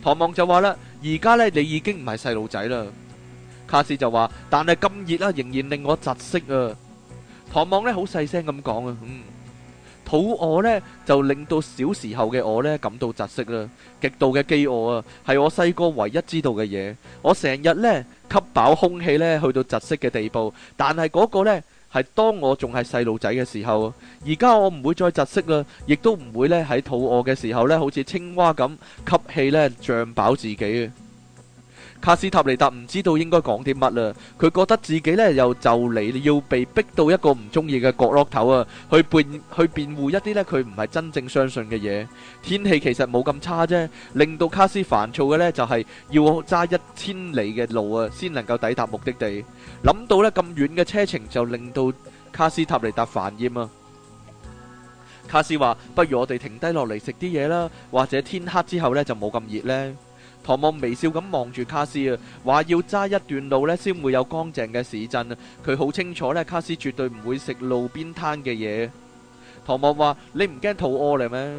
唐望就話啦，而家呢你已經唔係細路仔啦。卡斯就話，但係咁熱啦，仍然令我窒息啊！唐望呢好細聲咁講啊，嗯，肚餓呢就令到小時候嘅我呢感到窒息啦，極度嘅飢餓啊，係我細個唯一知道嘅嘢。我成日呢吸飽空氣呢去到窒息嘅地步，但係嗰個呢，係當我仲係細路仔嘅時候，而家我唔會再窒息啦，亦都唔會咧喺肚餓嘅時候咧，好似青蛙咁吸氣呢，脹飽自己啊！卡斯塔尼達唔知道應該講啲乜啦，佢覺得自己呢又就嚟要被逼到一個唔中意嘅角落頭啊，去辯去辯護一啲呢。佢唔係真正相信嘅嘢。天氣其實冇咁差啫，令到卡斯煩躁嘅呢，就係要揸一千里嘅路啊，先能夠抵達目的地。諗到呢咁遠嘅車程就令到卡斯塔尼達煩厭啊。卡斯話，不如我哋停低落嚟食啲嘢啦，或者天黑之後咧就冇咁熱咧。唐望微笑咁望住卡斯啊，話要揸一段路咧，先會有乾淨嘅市鎮啊。佢好清楚咧，卡斯絕對唔會食路邊攤嘅嘢。唐望話：你唔驚肚餓嚟咩？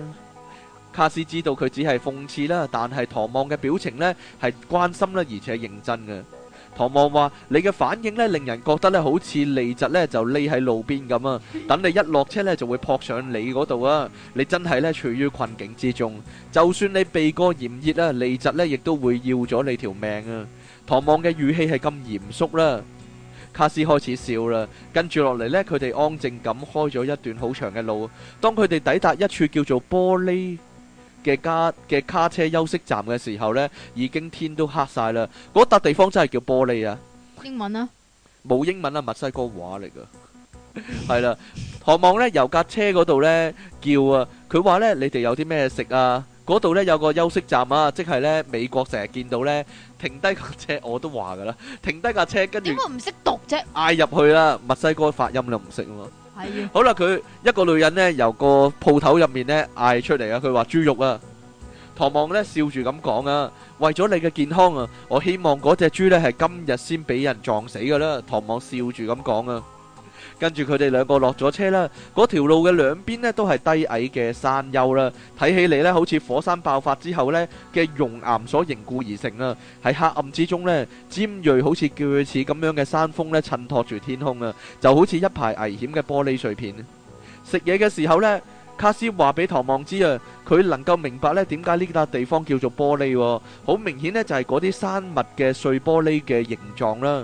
卡斯知道佢只係諷刺啦，但係唐望嘅表情呢係關心啦，而且係認真嘅。唐望話：你嘅反應咧，令人覺得咧，好似利疾咧就匿喺路邊咁啊！等你一落車咧，就會撲上你嗰度啊！你真係咧處於困境之中，就算你避過炎熱啦，利疾咧亦都會要咗你條命啊！唐望嘅語氣係咁嚴肅啦，卡斯開始笑啦，跟住落嚟呢，佢哋安靜咁開咗一段好長嘅路。當佢哋抵達一處叫做玻璃。嘅卡嘅卡車休息站嘅時候咧，已經天都黑曬啦。嗰笪地方真係叫玻璃啊，英文啊，冇英文啊，墨西哥話嚟噶，係啦。唐望咧由架車嗰度咧叫啊，佢話咧，你哋有啲咩食啊？嗰度咧有個休息站啊，即係咧美國成日見到咧，停低架車，我都話噶啦，停低架車，跟住點解唔識讀啫？嗌入去啦，墨西哥發音就唔識喎。 好啦，佢一個女人呢，由個鋪頭入面呢，嗌出嚟啊！佢話豬肉啊，唐望呢笑住咁講啊，為咗你嘅健康啊，我希望嗰隻豬呢係今日先俾人撞死噶啦！唐望笑住咁講啊。跟住佢哋兩個落咗車啦，嗰條路嘅兩邊呢，都係低矮嘅山丘啦，睇起嚟呢，好似火山爆發之後呢嘅熔岩所凝固而成啊！喺黑暗之中呢，尖銳好似鋸齒咁樣嘅山峰呢，襯托住天空啊，就好似一排危險嘅玻璃碎片。食嘢嘅時候呢，卡斯話俾唐望知啊，佢能夠明白呢點解呢笪地方叫做玻璃，好明顯呢，就係嗰啲山脈嘅碎玻璃嘅形狀啦。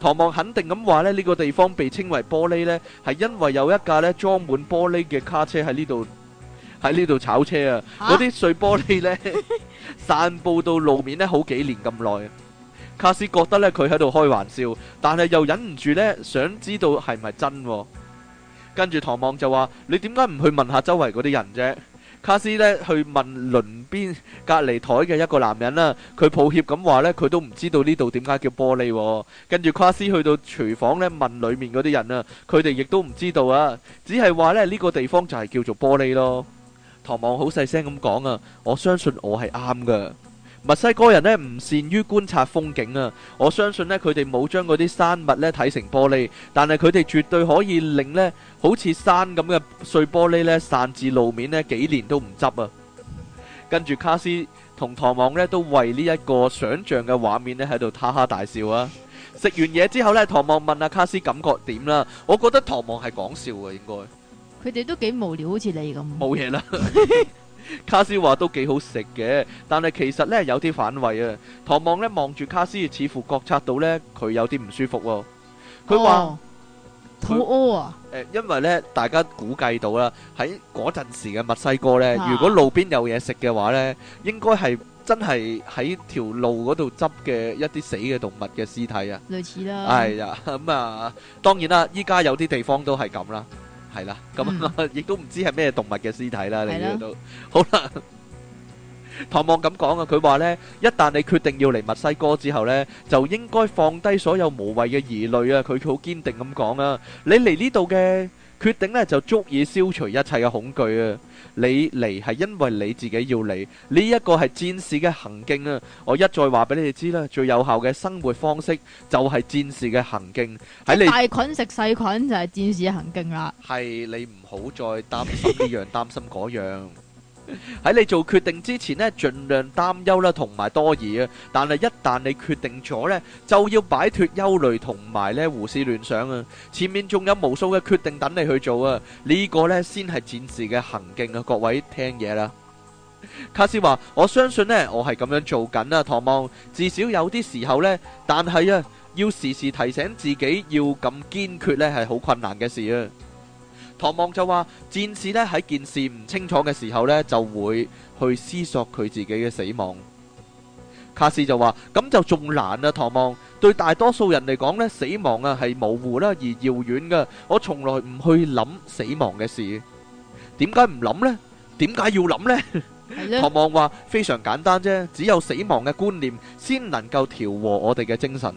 唐望肯定咁話呢，呢個地方被稱為玻璃呢，係因為有一架呢裝滿玻璃嘅卡車喺呢度喺呢度炒車啊！嗰啲碎玻璃呢， 散布到路面呢，好幾年咁耐。卡斯覺得呢，佢喺度開玩笑，但係又忍唔住呢，想知道係咪真？跟住唐望就話：你點解唔去問下周圍嗰啲人啫？卡斯咧，去問鄰邊隔籬台嘅一個男人啦，佢抱歉咁話咧，佢都唔知道呢度點解叫玻璃啊。跟住卡斯去到廚房咧，問裏面嗰啲人啦，佢哋亦都唔知道啊，只係話咧，呢個地方就係叫做玻璃咯。唐望好細聲咁講啊，我相信我係啱噶。墨西哥人呢唔善於觀察風景啊！我相信呢，佢哋冇將嗰啲山物呢睇成玻璃，但係佢哋絕對可以令呢好似山咁嘅碎玻璃呢散至路面呢幾年都唔執啊！跟住卡斯同唐望呢都為呢一個想象嘅畫面呢喺度哈哈大笑啊！食完嘢之後呢，唐望問阿、啊、卡斯感覺點啦？我覺得唐望係講笑嘅，應該。佢哋都幾無聊，好似你咁。冇嘢啦。卡斯話都幾好食嘅，但係其實呢有啲反胃啊。唐望呢望住卡斯，似乎覺察到呢佢有啲唔舒服。佢話肚屙啊！因為呢大家估計到啦，喺嗰陣時嘅墨西哥呢，啊、如果路邊有嘢食嘅話呢，應該係真係喺條路嗰度執嘅一啲死嘅動物嘅屍體啊，類似啦。係啊、哎、咁、嗯、啊，當然啦，依家有啲地方都係咁啦。係啦，咁亦都唔知係咩動物嘅屍體啦，嚟呢度都好啦。唐望咁講啊，佢話呢，一旦你決定要嚟墨西哥之後呢，就應該放低所有無謂嘅疑慮啊！佢佢好堅定咁講啊，你嚟呢度嘅決定呢就足以消除一切嘅恐懼啊！你嚟係因為你自己要嚟，呢一個係戰士嘅行徑啊！我一再話俾你哋知啦，最有效嘅生活方式就係戰士嘅行徑。喺你大菌食細菌就係戰士嘅行徑啦。係，你唔好再擔心呢樣，擔心嗰樣。喺 你做決定之前咧，盡量擔憂啦，同埋多疑啊。但係一旦你決定咗咧，就要擺脱憂慮同埋咧胡思亂想啊。前面仲有無數嘅決定等你去做啊。呢、這個咧先係戰士嘅行徑啊，各位聽嘢啦。卡斯話：我相信咧，我係咁樣做緊啊。唐望至少有啲時候咧，但係啊，要時時提醒自己要咁堅決咧，係好困難嘅事啊。唐望就話戰士呢喺件事唔清楚嘅時候呢，就會去思索佢自己嘅死亡。卡斯就話咁就仲難啊！唐望對大多數人嚟講呢，死亡啊係模糊啦而遙遠㗎，我從來唔去諗死亡嘅事。點解唔諗呢？點解要諗呢？唐望話非常簡單啫，只有死亡嘅觀念先能夠調和我哋嘅精神。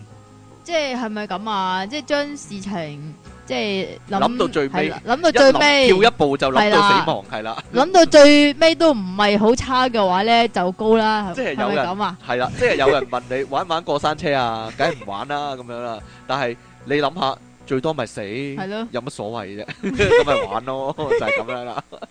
即係係咪咁啊？即係將事情。即係諗到最尾，諗到最尾，一想跳一步就諗到死亡，係啦的。諗的到最尾都唔係好差嘅話咧，就高啦、啊。即係有人咁啊，係啦，即係有人問你玩唔玩過山車啊？梗係唔玩啦、啊，咁樣啦。但係你諗下，最多咪死係咯，的有乜所謂啫？咁 咪玩咯，就係、是、咁樣啦。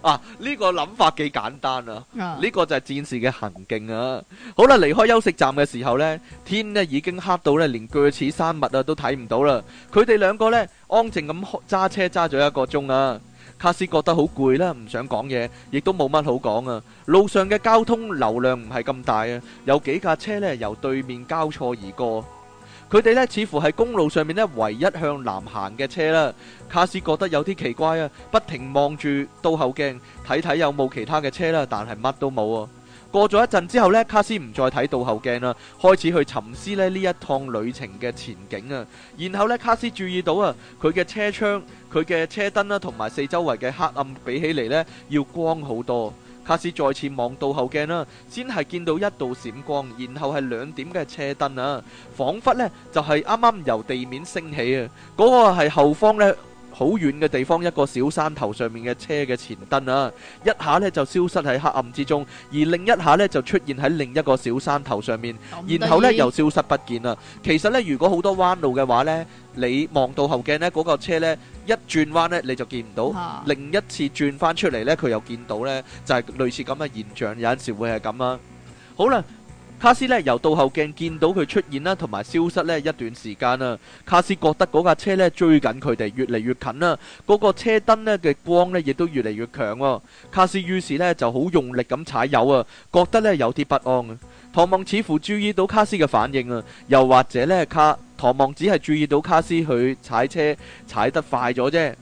啊！呢個諗法幾簡單啊！呢個就係戰士嘅行徑啊！好啦，離開休息站嘅時候呢，天咧已經黑到咧，連鋸齒山脈啊都睇唔到啦。佢哋兩個呢，安靜咁揸車揸咗一個鐘啊。卡斯覺得好攰啦，唔想講嘢，亦都冇乜好講啊。路上嘅交通流量唔係咁大啊，有幾架車呢由對面交錯而過。佢哋咧似乎係公路上面咧唯一向南行嘅車啦。卡斯覺得有啲奇怪啊，不停望住倒後鏡睇睇有冇其他嘅車啦，但係乜都冇啊。過咗一陣之後咧，卡斯唔再睇倒後鏡啦，開始去沉思咧呢一趟旅程嘅前景啊。然後咧，卡斯注意到啊，佢嘅車窗、佢嘅車燈啦，同埋四周圍嘅黑暗比起嚟，咧要光好多。卡斯再次望到後鏡啦，先係見到一道閃光，然後係兩點嘅車燈啊，彷彿咧就係啱啱由地面升起啊！嗰、嗰個係後方咧。好遠嘅地方，一個小山頭上面嘅車嘅前燈啊，一下咧就消失喺黑暗之中，而另一下咧就出現喺另一個小山頭上面，然後咧又消失不見啦。其實咧，如果好多彎路嘅話咧，你望到後鏡咧，嗰架車咧一轉彎咧，你就見唔到，啊，另一次轉翻出嚟咧，佢又見到咧，就係類似咁嘅現象，有陣時會係咁啦。好啦。卡斯咧由倒後鏡見到佢出現啦，同埋消失咧一段時間啦。卡斯覺得嗰架車咧追緊佢哋，越嚟越近啦。嗰個車燈咧嘅光咧亦都越嚟越強。卡斯於是咧就好用力咁踩油啊，覺得咧有啲不安。唐望似乎注意到卡斯嘅反應啊，又或者咧卡唐望只係注意到卡斯佢踩車踩得快咗啫。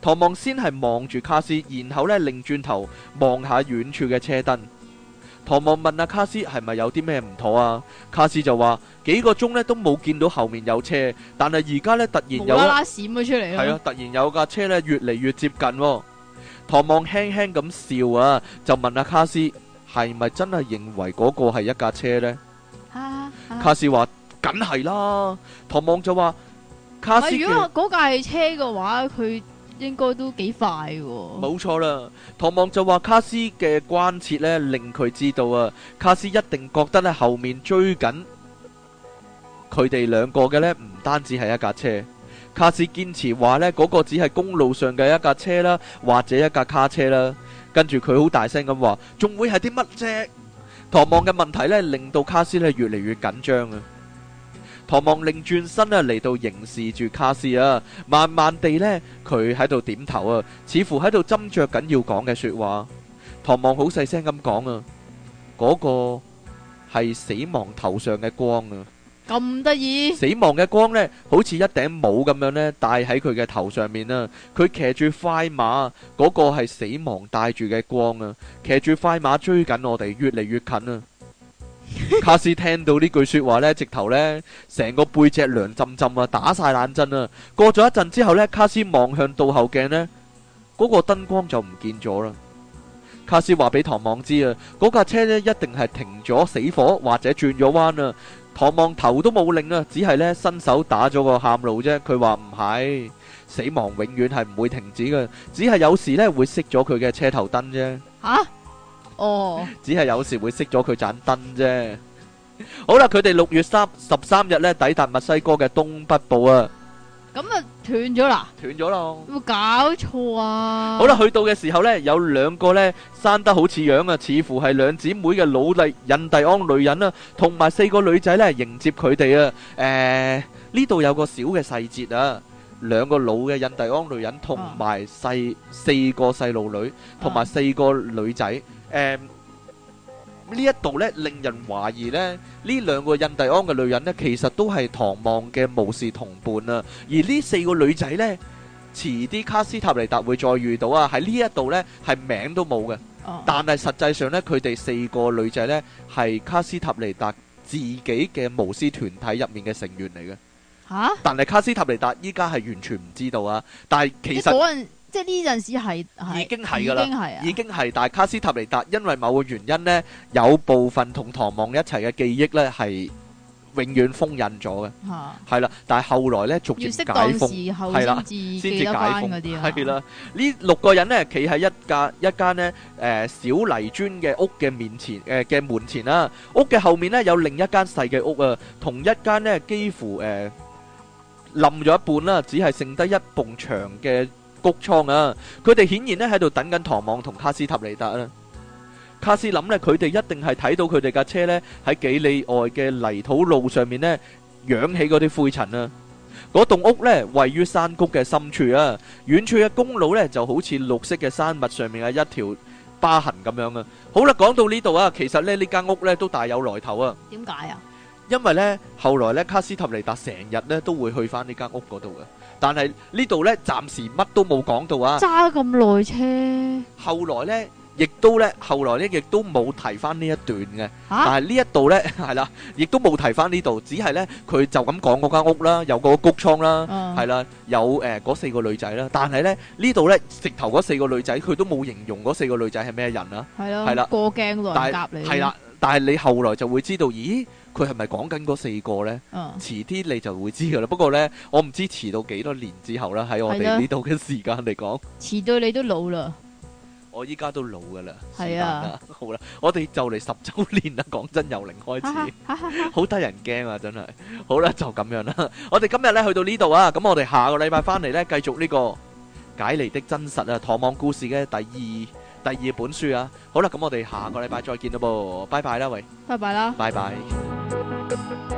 唐望先係望住卡斯，然後咧擰轉頭望下遠處嘅車燈。唐望問阿、啊、卡斯係咪有啲咩唔妥啊？卡斯就話，幾個鐘呢都冇見到後面有車，但係而家呢突然有啦閃咗出嚟，係啊，啊，突然有架車咧越嚟越接近，啊。唐望輕輕咁笑啊，就問阿、啊、卡斯係咪真係認為嗰個係一架車呢？哈哈哈哈，卡斯話梗係啦。唐望就話卡斯，如果嗰架係車嘅話，佢。應該都幾快喎，哦，冇錯啦。唐望就話卡斯嘅關切咧，令佢知道啊，卡斯一定覺得咧，後面追緊佢哋兩個嘅呢，唔單止係一架車。卡斯堅持話呢嗰，那個只係公路上嘅一架車啦，或者一架卡車啦。跟住佢好大聲咁話，仲會係啲乜啫？唐望嘅問題呢，令到卡斯咧越嚟越緊張啊。唐望擰轉身咧嚟，到凝視住卡斯啊，慢慢地呢，佢喺度點頭啊，似乎喺度斟酌緊要講嘅說話。唐望好細聲咁講啊，嗰個係死亡頭上嘅光啊，咁得意！死亡嘅光呢，好似一頂帽咁樣呢戴喺佢嘅頭上面啊。佢騎住快馬，嗰個係死亡帶住嘅光啊，騎住快馬追緊我哋，越嚟越近啊！ 卡斯聽到呢句說話呢，直頭呢成個背脊涼浸浸啊，打晒冷震啊。過咗一陣之後呢，卡斯望向倒後鏡呢嗰個燈光就唔見咗啦。卡斯話俾唐望知啊，嗰架車咧一定係停咗死火或者轉咗彎啊。唐望頭都冇擰啦，只係呢伸手打咗個喊路啫。佢話唔係，死亡永遠係唔會停止嘅，只係有時呢會熄咗佢嘅車頭燈啫。吓、啊！哦，只係有時會熄咗佢盞燈啫。好啦，佢哋六月十三日咧抵達墨西哥嘅東北部啊。咁啊，斷咗啦，斷咗啦，有冇搞錯啊？好啦，去到嘅時候咧，有兩個咧生得好似樣啊，似乎係兩姊妹嘅老嘅印第安女人啦，同埋四個女仔咧迎接佢哋啊。誒，呢度有個小嘅細節啊，兩個老嘅印第安女人同埋細四個細路女，同埋四個女仔。誒，嗯、呢一度咧令人懷疑咧，呢兩個印第安嘅女人咧，其實都係唐望嘅巫師同伴啊。而呢四個女仔呢，遲啲卡斯塔尼達會再遇到啊。喺呢一度呢，係名都冇嘅，哦、但係實際上呢，佢哋四個女仔呢，係卡斯塔尼達自己嘅巫師團體入面嘅成員嚟嘅。吓、啊！但係卡斯塔尼達依家係完全唔知道啊。但係其實。即係呢陣時係已經係㗎喇，已經係，已經係。但係卡斯塔尼達因為某個原因呢，有部分同唐望一齊嘅記憶呢係永遠封印咗嘅，係啦、啊。但係後來呢，逐漸解封，係啦，先至解封啲。係啦解封，呢六個人呢，企喺一間一間呢誒小泥磚嘅屋嘅面前，誒、呃、嘅門前啦。屋嘅後面呢，有另一間細嘅屋啊，同一間呢，幾乎誒冧咗一半啦，只係剩得一埲牆嘅谷倉啊！佢哋顯然呢喺度等緊唐望同卡斯塔尼達啦。卡斯諗呢，佢哋一定係睇到佢哋架車呢喺幾里外嘅泥土路上面呢揚起嗰啲灰塵啊。嗰棟屋呢位於山谷嘅深處啊，遠處嘅公路呢就好似綠色嘅山脈上面嘅一條疤痕咁樣啊。好啦，講到呢度啊，其實呢呢間屋呢都大有來頭啊。點解啊？因為呢後來呢卡斯塔尼達成日呢都會去返呢間屋嗰度嘅。但係呢度呢，暫時乜都冇講到啊！揸咁耐車，後來呢，亦都呢，後來呢，亦都冇提翻呢一段嘅。嚇！但係呢一度呢，係啦，亦都冇提翻呢度，只係呢，佢就咁講嗰間屋啦，有個谷倉啦，係啦，有誒嗰四個女仔啦。但係呢，呢度呢，直頭嗰四個女仔，佢都冇形容嗰四個女仔係咩人啊？係咯，係啦，過鏡來夾你。係啦，但係你後來就會知道，咦？佢係咪講緊嗰四個呢？嗯，遲啲你就會知噶啦。不過呢，我唔知遲到幾多年之後啦，喺我哋呢度嘅時間嚟講，遲到你都老啦、uh,。我依家都老噶啦，係啊。好啦，我哋就嚟十周年啦。講真，由零開始，好得人驚啊！真係。好啦，就咁樣啦。 我哋今日呢，去到呢度啊。咁我哋下個禮拜翻嚟呢，繼續呢個解離的真實啊，唐望故事嘅第二，第二本書啊，好啦，咁我哋下個禮拜再見啦噃，拜拜啦喂，拜拜啦，拜拜，啦拜拜。